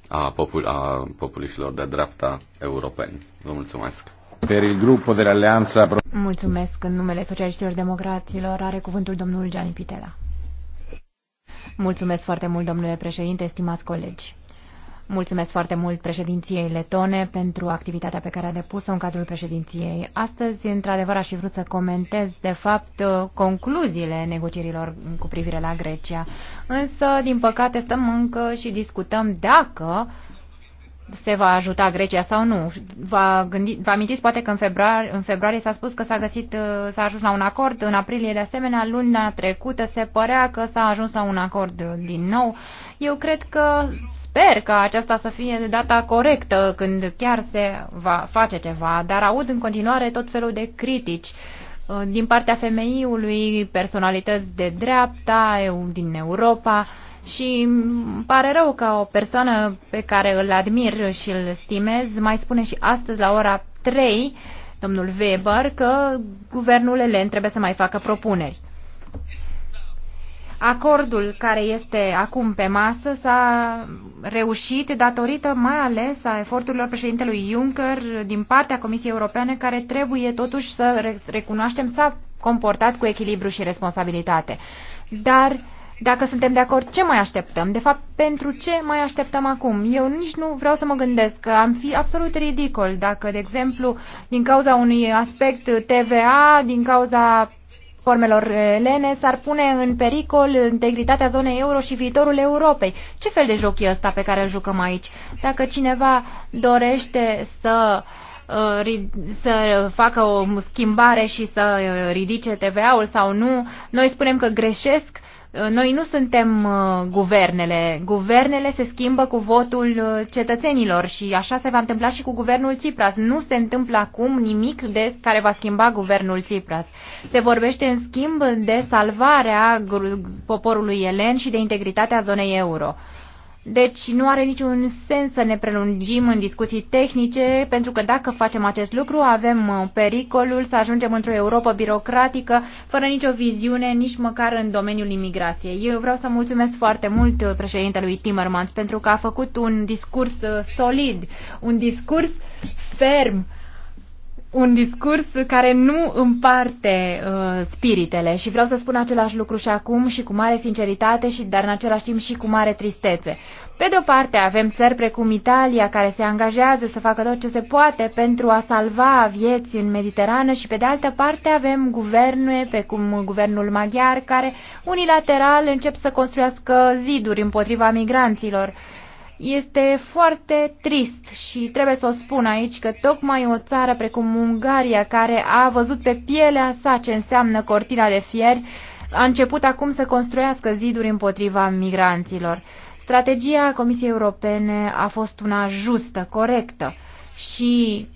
a, popul- a populiștilor de dreapta europeni. Vă mulțumesc! Per il grupo dell'Alleanza Mulțumesc. În numele Socialiștilor Democraților are cuvântul domnul Gianni Pitela. Mulțumesc foarte mult, domnule președinte, stimați colegi. Mulțumesc foarte mult președinției letone pentru activitatea pe care a depus-o în cadrul președinției. Astăzi, într-adevăr, aș fi vrut să comentez, de fapt, concluziile negocierilor cu privire la Grecia. Însă, din păcate, stăm încă și discutăm dacă uh, se va ajuta Grecia sau nu. Vă, gândi, vă amintiți poate că în februarie, în februarie s-a spus că s-a găsit, uh, s-a ajuns la un acord, în aprilie de asemenea, luna trecută se părea că s-a ajuns la un acord din nou. Eu cred că sper că aceasta să fie data corectă când chiar se va face ceva, dar aud în continuare tot felul de critici uh, din partea femeiului, personalități de dreapta, eu din Europa, și îmi pare rău că o persoană pe care îl admir și îl stimez mai spune și astăzi la ora 3, domnul Weber, că guvernul elen trebuie să mai facă propuneri. Acordul care este acum pe masă s-a reușit datorită mai ales a eforturilor președintelui Juncker din partea Comisiei Europene, care trebuie totuși să recunoaștem s-a comportat cu echilibru și responsabilitate. Dar uh, dacă suntem de acord, ce mai așteptăm? De fapt, pentru ce mai așteptăm acum? Eu nici nu vreau să mă gândesc că am fi absolut ridicol dacă, de exemplu, din cauza unui aspect TVA, din cauza formelor elene, s-ar pune în pericol integritatea zonei euro și viitorul Europei. Ce fel de joc e ăsta pe care îl jucăm aici? Dacă cineva dorește să uh, să facă o schimbare și să uh, ridice TVA-ul sau nu, noi spunem că greșesc Uh, noi nu suntem uh, guvernele. Guvernele se schimbă cu votul uh, cetățenilor și așa se va întâmpla și cu guvernul Tsipras. Nu se întâmplă acum nimic de care va schimba guvernul Tsipras. Se vorbește în schimb de salvarea poporului elen și de integritatea zonei euro. Deci nu are niciun sens să ne prelungim în discuții tehnice, pentru că dacă facem acest lucru, avem uh, pericolul să ajungem într-o Europa birocratică, fără nicio viziune, nici măcar în domeniul imigrației. Eu vreau să mulțumesc foarte mult uh, președintelui Timmermans pentru că a făcut un discurs uh, solid, un discurs ferm un discurs care nu împarte uh, spiritele și vreau să spun același lucru și acum și cu mare sinceritate, și dar în același timp și cu mare tristețe. Pe de o parte avem țări precum Italia care se angajează să facă tot ce se poate pentru a salva vieți în Mediterană și pe de altă parte avem guverne precum guvernul maghiar care unilateral încep să construiască ziduri împotriva migranților. Uh, este foarte trist și trebuie să o spun aici că tocmai o țară precum Ungaria, care a văzut pe pielea sa ce înseamnă cortina de fier, a început acum să construiască ziduri împotriva migranților. Strategia Comisiei Europene a fost una justă, corectă și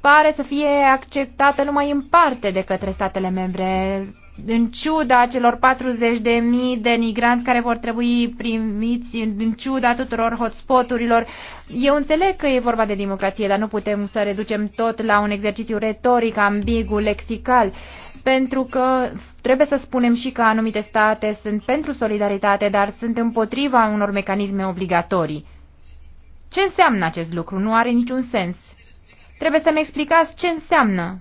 pare să fie acceptată numai în parte de către statele membre în ciuda celor 40 de mii de migranți care vor trebui primiți, în ciuda tuturor hotspoturilor, eu înțeleg că e vorba de democrație, dar nu putem să reducem tot la un exercițiu retoric, ambigu, lexical, pentru că trebuie să spunem și că anumite state sunt pentru solidaritate, dar sunt împotriva unor mecanisme obligatorii. Ce înseamnă acest lucru? Nu are niciun sens. Trebuie să-mi explicați ce înseamnă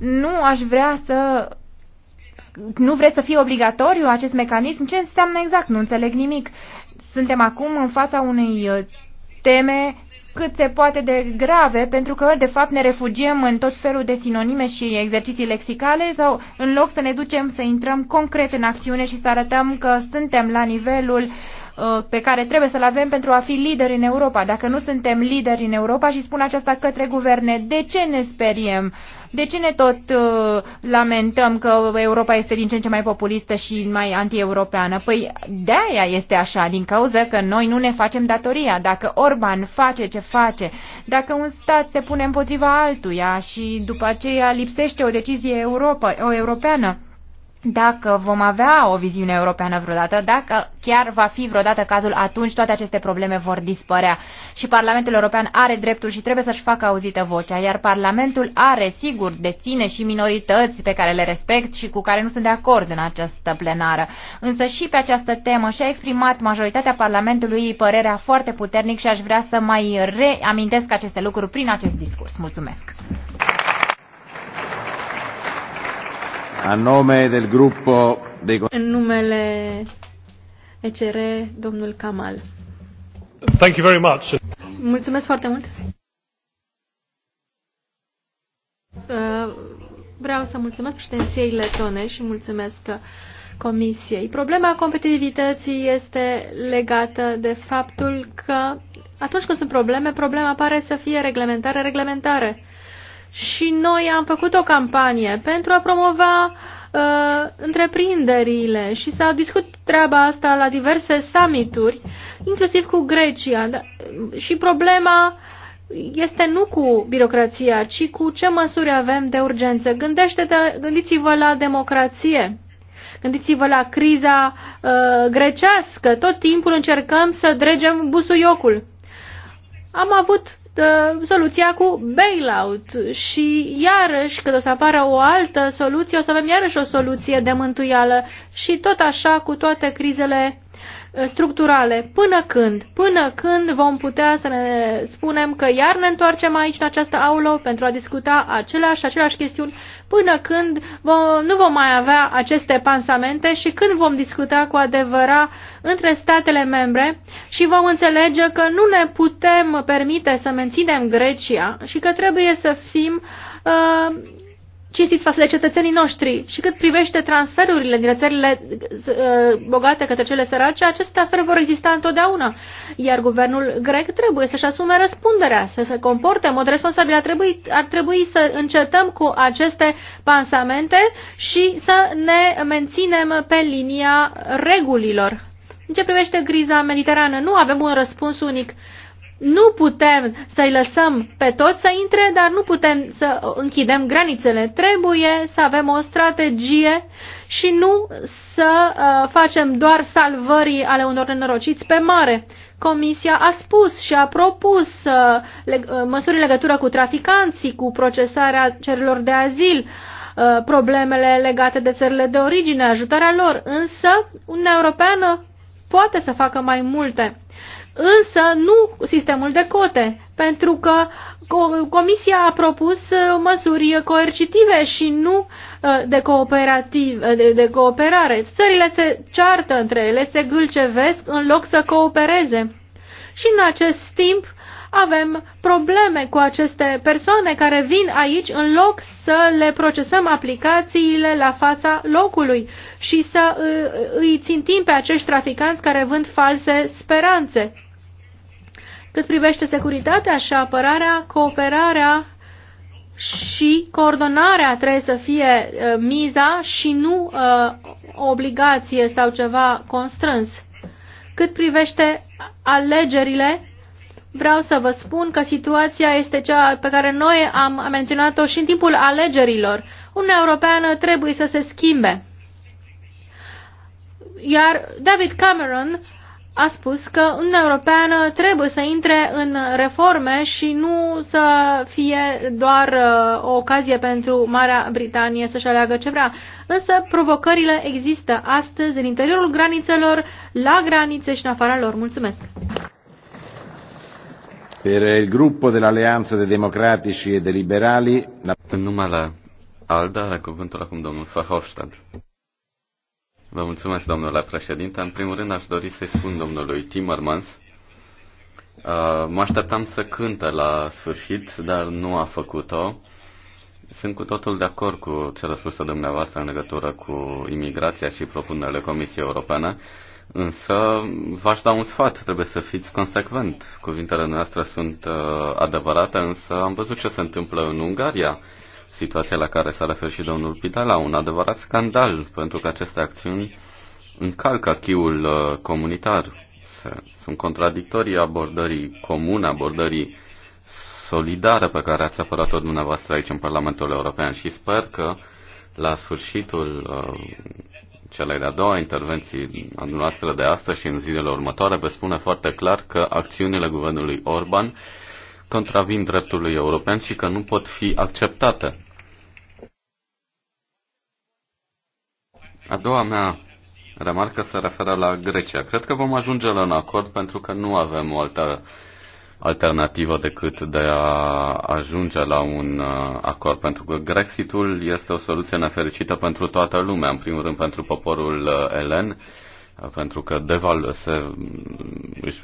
nu aș vrea să nu vreți să fie obligatoriu acest mecanism? Ce înseamnă exact? Nu înțeleg nimic. Suntem acum în fața unei uh, teme cât se poate de grave, pentru că, de fapt, ne refugiem în tot felul de sinonime și exerciții lexicale sau, în loc să ne ducem să intrăm concret în acțiune și să arătăm că suntem la nivelul uh, Uh, pe care trebuie să-l avem pentru a fi lideri în Europa. Dacă nu suntem lideri în Europa și spun aceasta către guverne, de ce ne speriem? De ce ne tot uh, lamentăm că Europa este din ce în ce mai populistă și mai anti-europeană? Păi de-aia este așa, din cauza că noi nu ne facem datoria. Dacă Orban face ce face, dacă un stat se pune împotriva altuia și după aceea lipsește o decizie Europa, o europeană, dacă vom avea o viziune europeană vreodată, dacă chiar va fi vreodată cazul, atunci toate aceste probleme vor dispărea. Și Parlamentul European are dreptul și trebuie să-și facă auzită vocea, iar Parlamentul are, sigur, deține și minorități pe care le respect și cu care nu sunt de acord în această plenară. Însă și pe această temă și-a exprimat majoritatea Parlamentului părerea foarte puternic și aș vrea să mai reamintesc aceste lucruri prin acest discurs. Mulțumesc! A nome del gruppo dei... În numele ECR, domnul Kamal. Thank you very much. Mulțumesc foarte mult. Uh, vreau să mulțumesc președinției letone și mulțumesc Comisiei. Problema competitivității este legată de faptul că atunci când sunt probleme, problema pare să fie reglementare, reglementare și noi am făcut o campanie pentru a promova uh, întreprinderile și s-a discutat treaba asta la diverse summituri, inclusiv cu Grecia. Da, și problema este nu cu birocrația, ci cu ce măsuri avem de urgență. Gândește-te, gândiți-vă la democrație. Gândiți-vă la criza uh, grecească. Tot timpul încercăm să dregem busuiocul. Am avut Uh, soluția cu bailout și iarăși când o să apară o altă soluție, o să avem iarăși o soluție de mântuială și tot așa cu toate crizele structurale. Până când? Până când vom putea să ne spunem că iar ne întoarcem aici, în această aulă, pentru a discuta aceleași, aceleași chestiuni? Până când vom, nu vom mai avea aceste pansamente și când vom discuta cu adevărat între statele membre și vom înțelege că nu ne putem permite să menținem Grecia și că trebuie să fim uh, cinstiți față de cetățenii noștri. Și cât privește transferurile din țările uh, bogate către cele sărace, aceste transferuri vor exista întotdeauna. Iar guvernul grec trebuie să-și asume răspunderea, să se comporte în mod responsabil. Ar trebui, ar trebui să încetăm cu aceste pansamente și să ne menținem pe linia regulilor. În ce privește griza mediterană, nu avem un răspuns unic. Nu putem să-i lăsăm pe toți să intre, dar nu putem să închidem granițele. Trebuie să avem o strategie și nu să uh, facem doar salvării ale unor nenorociți pe mare. Comisia a spus și a propus uh, leg uh, măsuri în legătură cu traficanții, cu procesarea cererilor de azil, uh, problemele legate de țările de origine, ajutarea lor, însă Uniunea Europeană poate să facă mai multe însă nu sistemul de cote, pentru că Comisia a propus uh, măsuri coercitive și nu uh, de, cooperativ, uh, de, cooperare. Țările se ceartă între ele, se gâlcevesc în loc să coopereze. Și în acest timp avem probleme cu aceste persoane care vin aici în loc să le procesăm aplicațiile la fața locului și să îi țintim pe acești traficanți care vând false speranțe. Cât privește securitatea și apărarea, cooperarea și coordonarea trebuie să fie uh, miza și nu uh, obligație sau ceva constrâns. Cât privește alegerile, vreau să vă spun că situația este cea pe care noi am menționat-o și în timpul alegerilor. Uniunea Europeană trebuie să se schimbe. Iar David Cameron a spus că Uniunea Europeană trebuie să intre în reforme și nu să fie doar uh, o ocazie pentru Marea Britanie să-și aleagă ce vrea. Însă provocările există astăzi în interiorul granițelor, la granițe și în afara lor. Mulțumesc! Per il gruppo dell'Alleanza dei Democratici e dei Liberali... La... În numele Alda, la cuvântul acum domnul Verhofstadt. Vă mulțumesc, domnule președinte. În primul rând, aș dori să-i spun domnului Timmermans. Uh, mă așteptam să cânte la sfârșit, dar nu a făcut-o. Sunt cu totul de acord cu a spus dumneavoastră în legătură cu imigrația și propunerile Comisiei Europene, însă v-aș da un sfat, trebuie să fiți consecvent. Cuvintele noastre sunt uh, adevărate, însă am văzut ce se întâmplă în Ungaria situația la care s-a referit și domnul Pidala, un adevărat scandal, pentru că aceste acțiuni încalcă chiul uh, comunitar. Sunt contradictorii abordării comune, abordării solidară pe care ați apărat-o dumneavoastră aici în Parlamentul European și sper că la sfârșitul uh, celei de-a doua intervenții a noastră de astăzi și în zilele următoare vă spune foarte clar că acțiunile guvernului Orban contravin dreptului european și că nu pot fi acceptate. A doua mea remarcă se referă la Grecia. Cred că vom ajunge la un acord pentru că nu avem o altă alternativă decât de a ajunge la un uh, acord, pentru că Grexitul este o soluție nefericită pentru toată lumea, în primul rând pentru poporul uh, elen, uh, pentru că deval se, își,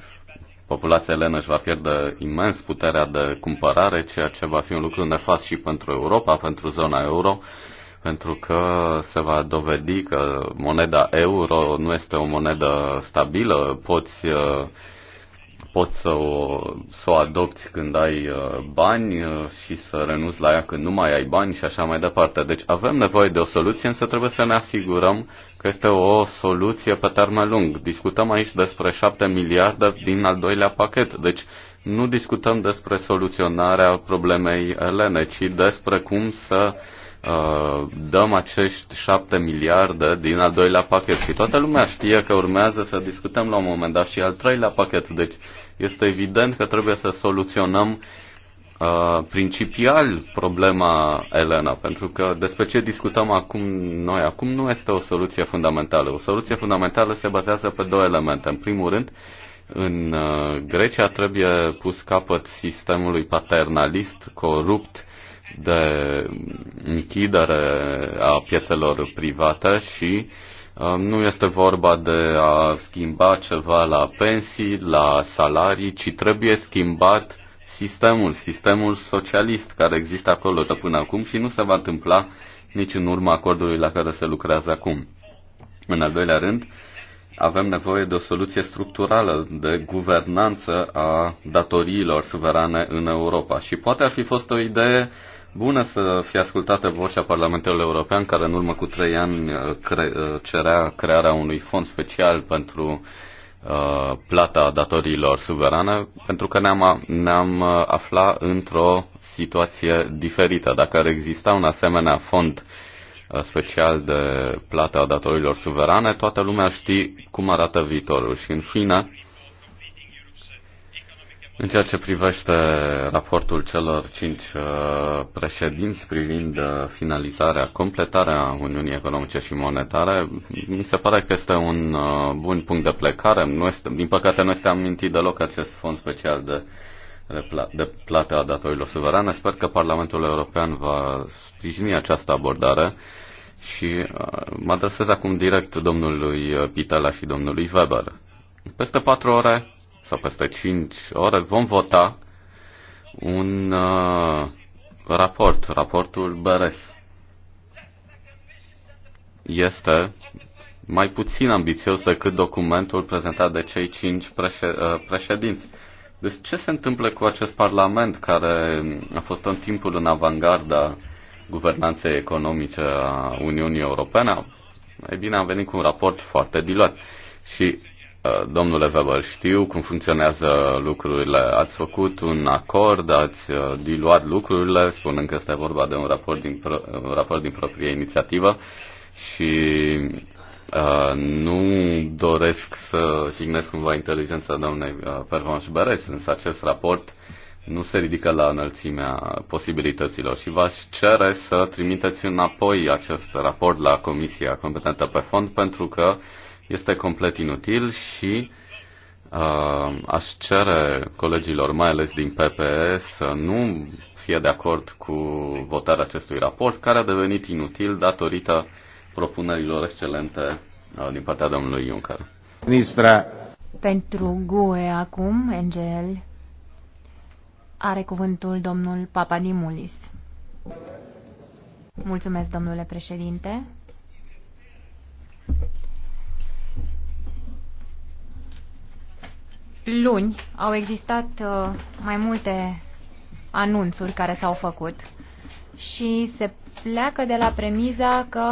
populația elenă își va pierde imens puterea de cumpărare, ceea ce va fi un lucru nefast și pentru Europa, pentru zona euro pentru că se va dovedi că moneda euro nu este o monedă stabilă, poți, uh, poți să, o, să o adopți când ai uh, bani uh, și să renunți la ea când nu mai ai bani și așa mai departe. Deci avem nevoie de o soluție, însă trebuie să ne asigurăm că este o soluție pe termen lung. Discutăm aici despre 7 miliarde din al doilea pachet, deci nu discutăm despre soluționarea problemei Elene, ci despre cum să uh, Uh, dăm acești șapte miliarde din al doilea pachet și toată lumea știe că urmează să discutăm la un moment dat și al treilea pachet. Deci este evident că trebuie să soluționăm uh, principial problema Elena, pentru că despre ce discutăm acum noi, acum nu este o soluție fundamentală. O soluție fundamentală se bazează pe două elemente. În primul rând, în uh, Grecia trebuie pus capăt sistemului paternalist, corupt, de închidere a piețelor private și um, nu este vorba de a schimba ceva la pensii, la salarii, ci trebuie schimbat sistemul, sistemul socialist care există acolo de până acum și nu se va întâmpla nici în urma acordului la care se lucrează acum. În al doilea rând, avem nevoie de o soluție structurală de guvernanță a datoriilor suverane în Europa. Și poate ar fi fost o idee uh, Bună să fie ascultată vocea Parlamentului European, care în urmă cu trei ani uh, cre- uh, cerea crearea unui fond special pentru uh, plata datoriilor suverane, pentru că ne-am, ne-am uh, afla într-o situație diferită. Dacă ar exista un asemenea fond special de plata datoriilor suverane, toată lumea știe cum arată viitorul. Și în fine, în ceea ce privește raportul celor cinci uh, președinți privind uh, finalizarea, completarea Uniunii Economice și Monetare, mi se pare că este un uh, bun punct de plecare. Nu este, din păcate nu este amintit deloc acest fond special de, de plată a datorilor suverane. Sper că Parlamentul European va sprijini această abordare și mă adresez acum direct domnului Pitala și domnului Weber. Peste patru ore sau peste 5 ore vom vota un uh, raport, raportul Beres. Este mai puțin ambițios decât documentul prezentat de cei cinci uh, președinți. Deci ce se întâmplă cu acest parlament care a fost în timpul în avangarda guvernanței economice a Uniunii Europene? Ei bine, am venit cu un raport foarte diluat. Și Uh, domnule Weber, știu cum funcționează lucrurile. Ați făcut un acord, ați uh, diluat lucrurile, spunând că este vorba de un raport din, pro, un raport din proprie inițiativă și uh, nu doresc să signez cumva inteligența domnului uh, Pervanș Beres, însă acest raport nu se ridică la înălțimea posibilităților și v-aș cere să trimiteți înapoi acest raport la Comisia Competentă pe Fond pentru că uh, este complet inutil și uh, aș cere colegilor, mai ales din PPE, să nu fie de acord cu votarea acestui raport, care a devenit inutil datorită propunerilor excelente uh, din partea domnului Juncker. Ministra. Pentru GUE acum, NGL, are cuvântul domnul Papadimulis. Mulțumesc, domnule președinte. luni au existat uh, mai multe anunțuri care s-au făcut și se pleacă de la premiza că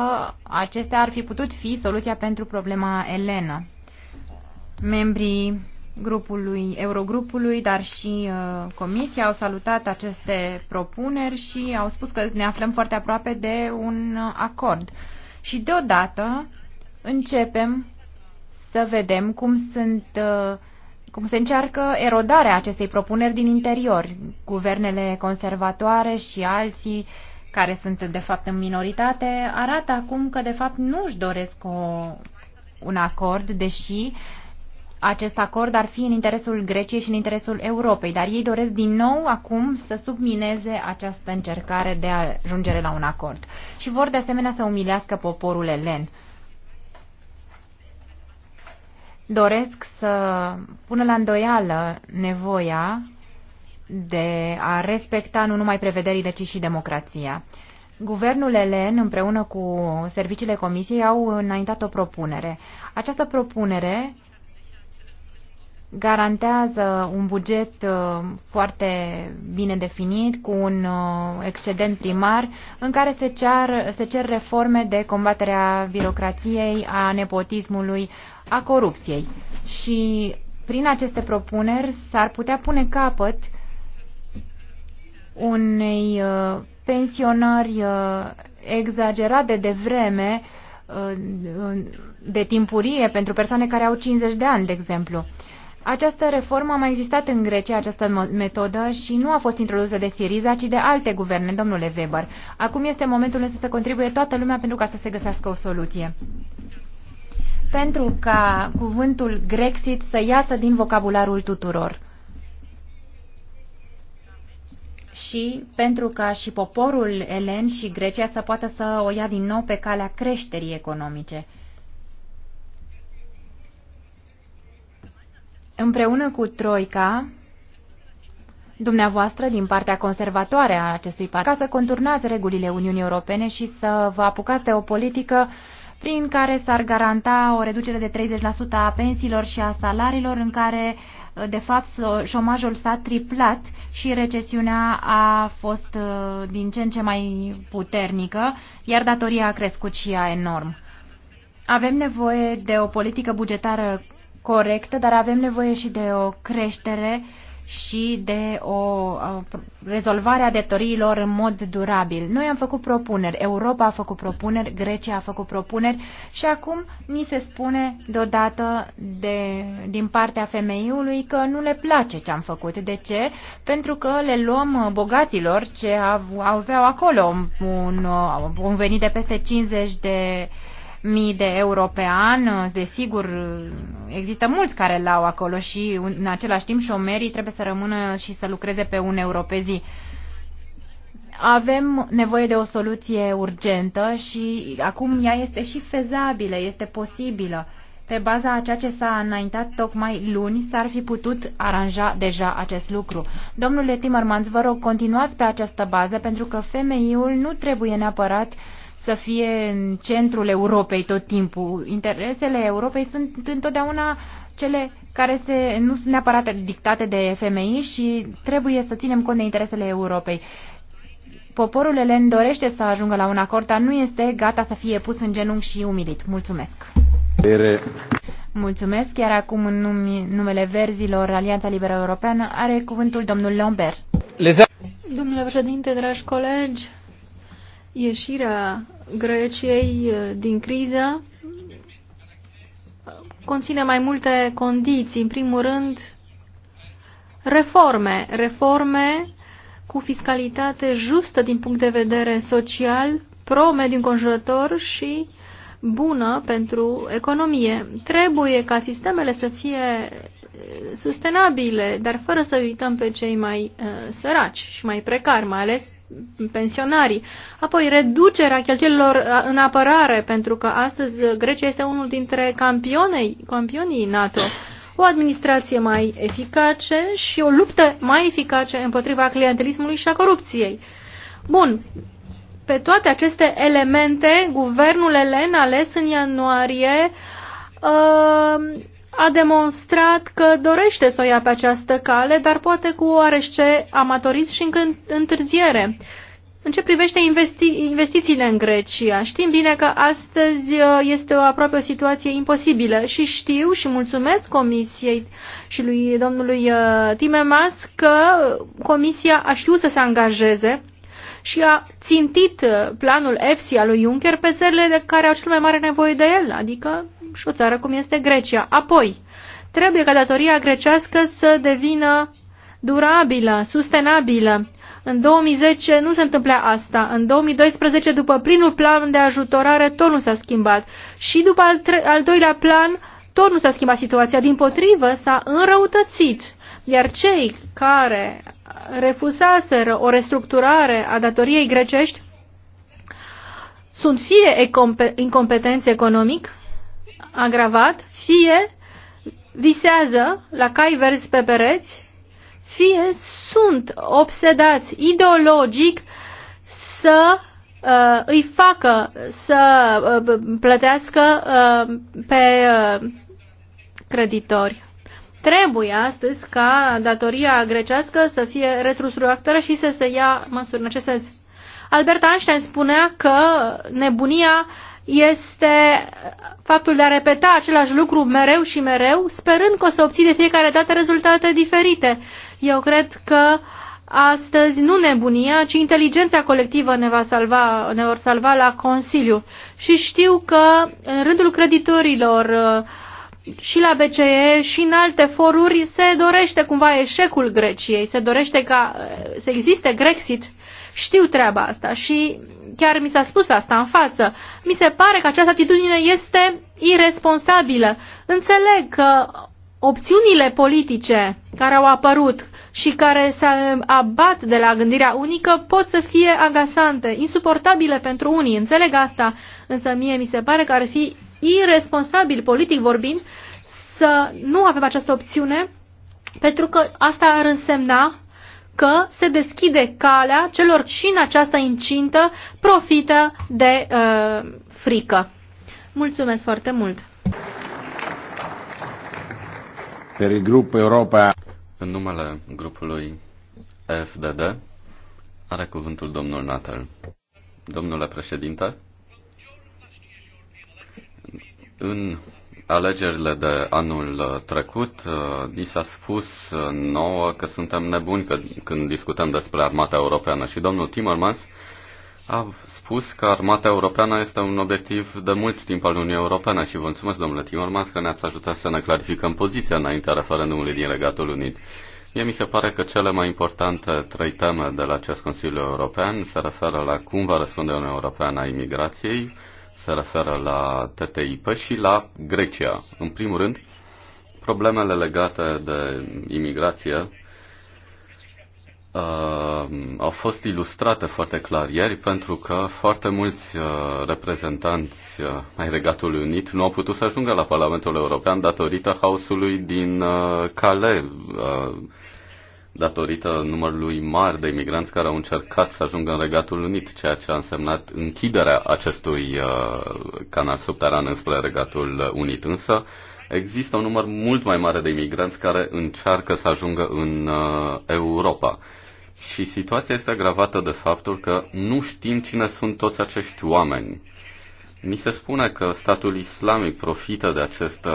acestea ar fi putut fi soluția pentru problema Elena. Membrii grupului, Eurogrupului, dar și uh, Comisia au salutat aceste propuneri și au spus că ne aflăm foarte aproape de un acord. Și deodată începem să vedem cum sunt uh, cum se încearcă erodarea acestei propuneri din interior. Guvernele conservatoare și alții care sunt de fapt în minoritate arată acum că de fapt nu își doresc o, un acord, deși acest acord ar fi în interesul Greciei și în interesul Europei, dar ei doresc din nou acum să submineze această încercare de a ajungere la un acord și vor de asemenea să umilească poporul elen. doresc să pună la îndoială nevoia de a respecta nu numai prevederile, ci și democrația. Guvernul elen, împreună cu serviciile comisiei, au înaintat o propunere. Această propunere garantează un buget uh, foarte bine definit, cu un uh, excedent primar, în care se, cer, se cer reforme de combaterea birocrației, a nepotismului, a corupției. Și prin aceste propuneri s-ar putea pune capăt unei uh, pensionări uh, exagerate de vreme, uh, de timpurie pentru persoane care au 50 de ani, de exemplu. Această reformă a mai existat în Grecia, această metodă, și nu a fost introdusă de Siriza, ci de alte guverne, domnule Weber. Acum este momentul să să contribuie toată lumea pentru ca să se găsească o soluție pentru ca cuvântul Grexit să iasă din vocabularul tuturor și pentru ca și poporul elen și Grecia să poată să o ia din nou pe calea creșterii economice. Împreună cu Troica, dumneavoastră din partea conservatoare a acestui parc, ca să conturnați regulile Uniunii Europene și să vă apucați de o politică uh, prin care s-ar garanta o reducere de 30% a pensiilor și a salariilor, în care, de fapt, șomajul s-a triplat și recesiunea a fost din ce în ce mai puternică, iar datoria a crescut și ea enorm. Avem nevoie de o politică bugetară corectă, dar avem nevoie și de o creștere uh, și de o rezolvare a datoriilor în mod durabil. Noi am făcut propuneri, Europa a făcut propuneri, Grecia a făcut propuneri și acum ni se spune deodată de, din partea femeiului că nu le place ce am făcut. De ce? Pentru că le luăm bogaților ce aveau acolo un, un venit de peste 50 de mii de euro pe an. Desigur, există mulți care l-au acolo și în același timp șomerii trebuie să rămână și să lucreze pe un euro pe zi. Avem nevoie de o soluție urgentă și acum ea este și fezabilă, este posibilă. Pe baza a ceea ce s-a înaintat tocmai luni, s-ar fi putut aranja deja acest lucru. Domnule Timmermans, vă rog, continuați pe această bază, pentru că femeiul nu trebuie neapărat uh, să fie în centrul Europei tot timpul. Interesele Europei sunt întotdeauna cele care se, nu sunt neapărat dictate de FMI și trebuie să ținem cont de interesele Europei. Poporul elen dorește să ajungă la un acord, dar nu este gata să fie pus în genunchi și umilit. Mulțumesc! Bere. Mulțumesc, iar acum în numele verzilor Alianța Liberă Europeană are cuvântul domnul Lombert. Domnule președinte, dragi colegi, ieșirea Greciei uh, din criză conține mai multe condiții. În primul rând, reforme. Reforme cu fiscalitate justă din punct de vedere social, pro-mediu înconjurător și bună pentru economie. Trebuie ca sistemele să fie uh, sustenabile, dar fără să uităm pe cei mai uh, săraci și mai precari, mai ales pensionarii. Apoi, reducerea cheltuielilor în apărare, pentru că astăzi Grecia este unul dintre campionei, campionii NATO. O administrație mai eficace și o luptă mai eficace împotriva clientelismului și a corupției. Bun, pe toate aceste elemente, guvernul elen ales în ianuarie uh, a demonstrat că dorește să o ia pe această cale, dar poate cu oarește amatorit și încă întârziere. În ce privește investi investițiile în Grecia, știm bine că astăzi uh, este o, aproape o situație imposibilă și știu și mulțumesc Comisiei și lui domnului uh, Timemas că uh, Comisia a știut să se angajeze și a țintit uh, planul EFSI al lui Juncker pe țările de care au cel mai mare nevoie de el, adică și o țară cum este Grecia. Apoi, trebuie ca datoria grecească să devină durabilă, sustenabilă. În 2010 nu se întâmplea asta. În 2012, după primul plan de ajutorare, tot nu s-a schimbat. Și după al, al doilea plan, tot nu s-a schimbat situația. Din potrivă, s-a înrăutățit. Iar cei care refuzaseră o restructurare a datoriei grecești sunt fie incompetenți economic agravat, fie visează la cai verzi pe pereți, fie sunt obsedați ideologic să uh, îi facă să uh, plătească uh, pe uh, creditori. Trebuie astăzi ca datoria grecească să fie retrostructurată și să se ia măsuri în acest sens. Albert Einstein spunea că nebunia este faptul de a repeta același lucru mereu și mereu, sperând că o să obții de fiecare dată rezultate diferite. Eu cred că astăzi nu nebunia, ci inteligența colectivă ne va salva, ne vor salva la Consiliu. Și știu că în rândul creditorilor uh, și la BCE și în alte foruri se dorește cumva eșecul Greciei, se dorește ca eh, să existe Grexit. Știu treaba asta și chiar mi s-a spus asta în față. Mi se pare că această atitudine este irresponsabilă. Înțeleg că opțiunile politice care au apărut și care se abat de la gândirea unică pot să fie agasante, insuportabile pentru unii, înțeleg asta, însă mie mi se pare că ar fi irresponsabil politic vorbind să nu avem această opțiune pentru că asta ar însemna că se deschide calea celor și în această incintă profită de uh, frică. Mulțumesc foarte mult! Per il Europa. În numele grupului FDD are cuvântul domnul Natal. Domnule președinte, în alegerile de anul uh, trecut, uh, ni s-a spus uh, nouă că suntem nebuni când discutăm despre armata europeană și domnul Timmermans a spus că armata europeană este un obiectiv de mult timp al Uniunii Europene și vă mulțumesc, domnule Timmermans, că ne-ați ajutat să ne clarificăm poziția înaintea referendumului din Regatul Unit. Mie mi se pare că cele mai importante trei teme de la acest Consiliu European se referă la cum va răspunde Uniunea Europeană a imigrației, se referă la TTIP și la Grecia. În primul rând, problemele legate de imigrație uh, au fost ilustrate foarte clar ieri pentru că foarte mulți uh, reprezentanți uh, ai Regatului Unit nu au putut să ajungă la Parlamentul European datorită haosului din uh, Calais. Uh, datorită numărului mare de imigranți care au încercat să ajungă în Regatul Unit, ceea ce a însemnat închiderea acestui uh, canal subteran înspre Regatul Unit. Însă există un număr mult mai mare de imigranți care încearcă să ajungă în uh, Europa. Și situația este agravată de faptul că nu știm cine sunt toți acești oameni Ni se spune că statul islamic profită de acest uh,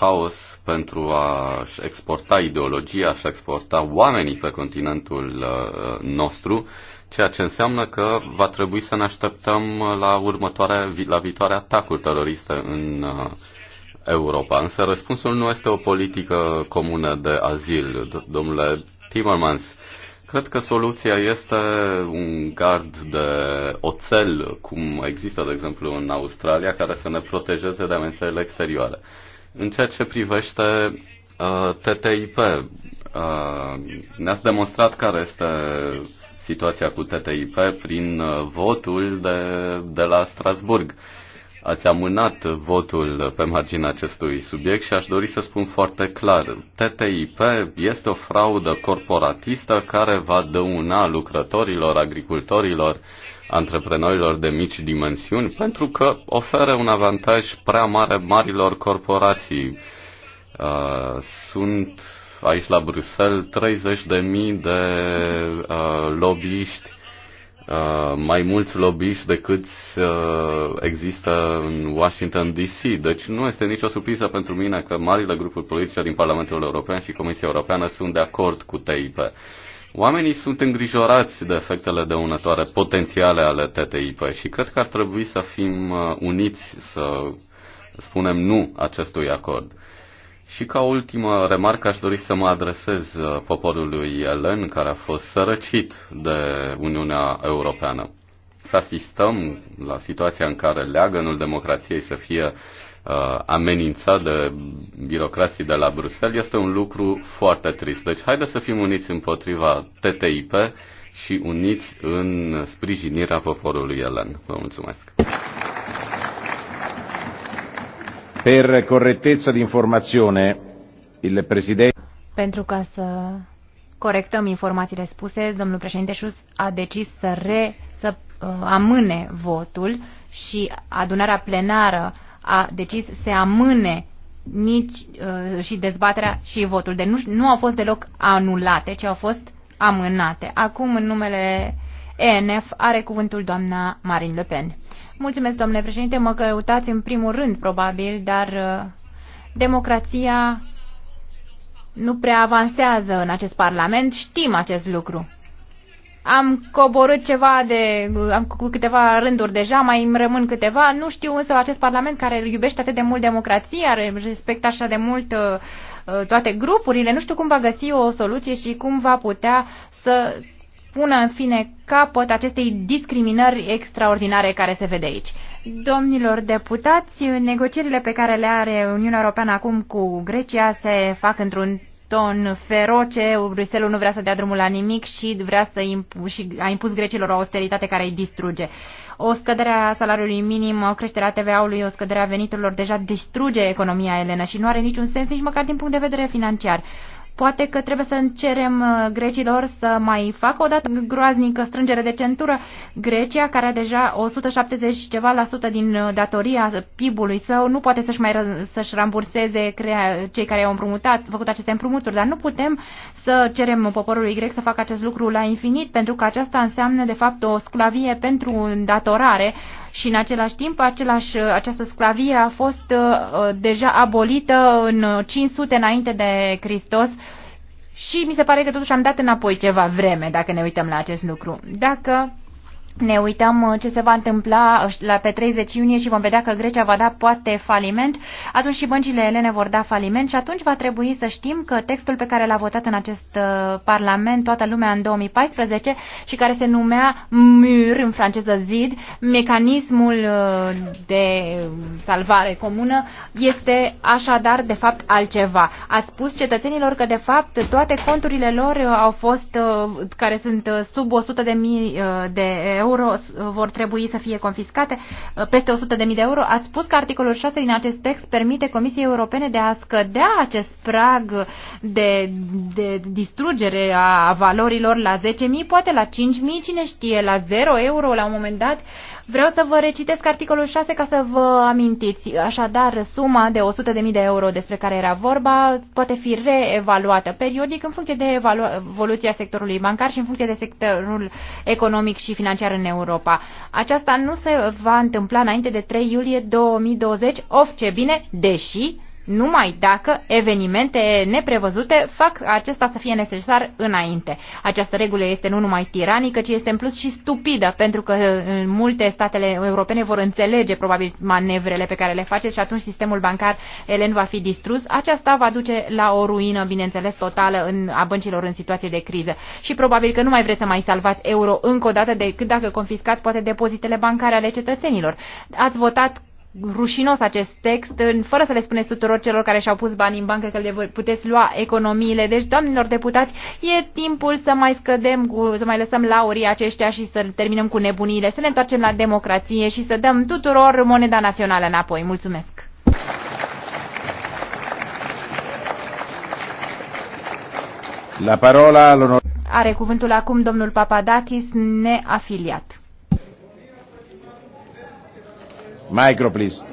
haos pentru a-și exporta ideologia, a-și exporta oamenii pe continentul uh, nostru, ceea ce înseamnă că va trebui să ne așteptăm la, următoare, la viitoare atacuri teroriste în uh, Europa. Însă răspunsul nu este o politică comună de azil. Domnule Timmermans, uh, Cred că soluția este un gard de oțel, cum există, de exemplu, în Australia, care să ne protejeze de amenințările exterioare. În ceea ce privește uh, TTIP, uh, ne-ați demonstrat care este situația cu TTIP prin uh, votul de, de la Strasburg. Uh, ați amânat votul pe marginea acestui subiect și aș dori să spun foarte clar. TTIP este o fraudă corporatistă care va dăuna lucrătorilor, agricultorilor, antreprenorilor de mici dimensiuni pentru că oferă un avantaj prea mare marilor corporații. Uh, sunt aici la Bruxelles 30.000 de uh, lobbyiști Uh, mai mulți lobbyiști decât uh, există în Washington DC. Deci nu este nicio surpriză pentru mine că marile grupuri politice din Parlamentul European și Comisia Europeană sunt de acord cu TIP. Oamenii sunt îngrijorați de efectele dăunătoare potențiale ale TTIP și cred că ar trebui să fim uh, uniți să spunem nu acestui acord. Și ca ultimă remarcă aș dori să mă adresez uh, poporului elen care a fost sărăcit de Uniunea Europeană. Să asistăm la situația în care leagănul democrației să fie uh, amenințat de birocrații de la Bruxelles este un lucru foarte trist. Deci haideți să fim uniți împotriva TTIP și uniți în sprijinirea poporului elen. Vă mulțumesc! Per di informazione, il Presidente... Pentru ca să corectăm informațiile spuse, domnul președinte Șus a decis să, re, să uh, amâne votul și adunarea plenară a decis să amâne nici uh, și dezbaterea și votul. Deci nu, nu au fost deloc anulate, ci au fost amânate. Acum, în numele ENF, are cuvântul doamna Marine Le Pen. Mulțumesc, domnule președinte, mă căutați în primul rând, probabil, dar uh, democrația nu prea avansează în acest parlament, știm acest lucru. Am coborât ceva de, am cu câteva rânduri deja, mai îmi rămân câteva, nu știu însă acest parlament care iubește atât de mult democrația, respectă așa de mult uh, uh, toate grupurile, nu știu cum va găsi o soluție și cum va putea să pună în fine capăt acestei discriminări extraordinare care se vede aici. Domnilor deputați, negocierile pe care le are Uniunea Europeană acum cu Grecia se fac într-un ton feroce, Bruxelles nu vrea să dea drumul la nimic și, vrea să impu- și a impus grecilor o austeritate care îi distruge. O scădere a salariului minim, o creștere a TVA-ului, o scădere a veniturilor deja distruge economia elenă și nu are niciun sens nici măcar din punct de vedere financiar. Poate că trebuie să cerem uh, grecilor să mai facă o dată groaznică strângere de centură. Grecia, care are deja 170 ceva la sută din uh, datoria PIB-ului său, nu poate să-și mai să-și ramburseze crea, cei care au împrumutat, făcut aceste împrumuturi, dar nu putem să cerem poporului grec să facă acest lucru la infinit, pentru că aceasta înseamnă de fapt o sclavie pentru datorare și în același timp același, această sclavie a fost uh, deja abolită în 500 uh, înainte de Hristos și mi se pare că totuși am dat înapoi ceva vreme dacă ne uităm la acest lucru. Dacă ne uităm uh, ce se va întâmpla uh, la pe 30 iunie și vom vedea că Grecia va da poate faliment, atunci și băncile elene vor da faliment și atunci va trebui să știm că textul pe care l-a votat în acest uh, parlament toată lumea în 2014 și care se numea MUR în franceză zid, mecanismul de salvare comună, este așadar de fapt altceva. A spus cetățenilor că de fapt toate conturile lor au fost care sunt sub 100 de mii de euro euro vor trebui să fie confiscate, uh, peste 100.000 de euro. Ați spus că articolul 6 din acest text permite Comisiei Europene de a scădea acest prag de, de distrugere a valorilor la 10.000, poate la 5.000, cine știe, la 0 euro la un moment dat. Uh, Vreau să vă recitesc articolul 6 ca să vă amintiți. Așadar, suma de 100.000 de euro despre care era vorba poate fi reevaluată periodic în funcție de evoluția sectorului bancar și în funcție de sectorul economic și financiar în Europa. Aceasta nu se va întâmpla înainte de 3 iulie 2020, of ce bine, deși numai dacă evenimente neprevăzute fac acesta să fie necesar înainte. Această regulă este nu numai tiranică, ci este în plus și stupidă, pentru că uh, multe statele europene vor înțelege probabil manevrele pe care le faceți și atunci sistemul bancar elen va fi distrus. Aceasta va duce la o ruină, bineînțeles, totală în, a băncilor în situație de criză. Și probabil că nu mai vreți să mai salvați euro încă o dată decât dacă confiscați poate depozitele bancare ale cetățenilor. Ați votat rușinos acest text, fără să le spuneți tuturor celor care și-au pus bani în bancă că le puteți lua economiile. Deci, doamnelor deputați, e timpul să mai scădem, cu, să mai lăsăm laurii aceștia și să terminăm cu nebunile, să ne întoarcem la democrație și să dăm tuturor moneda națională înapoi. Mulțumesc! La parola Are cuvântul acum domnul Papadakis, neafiliat. Micro, please.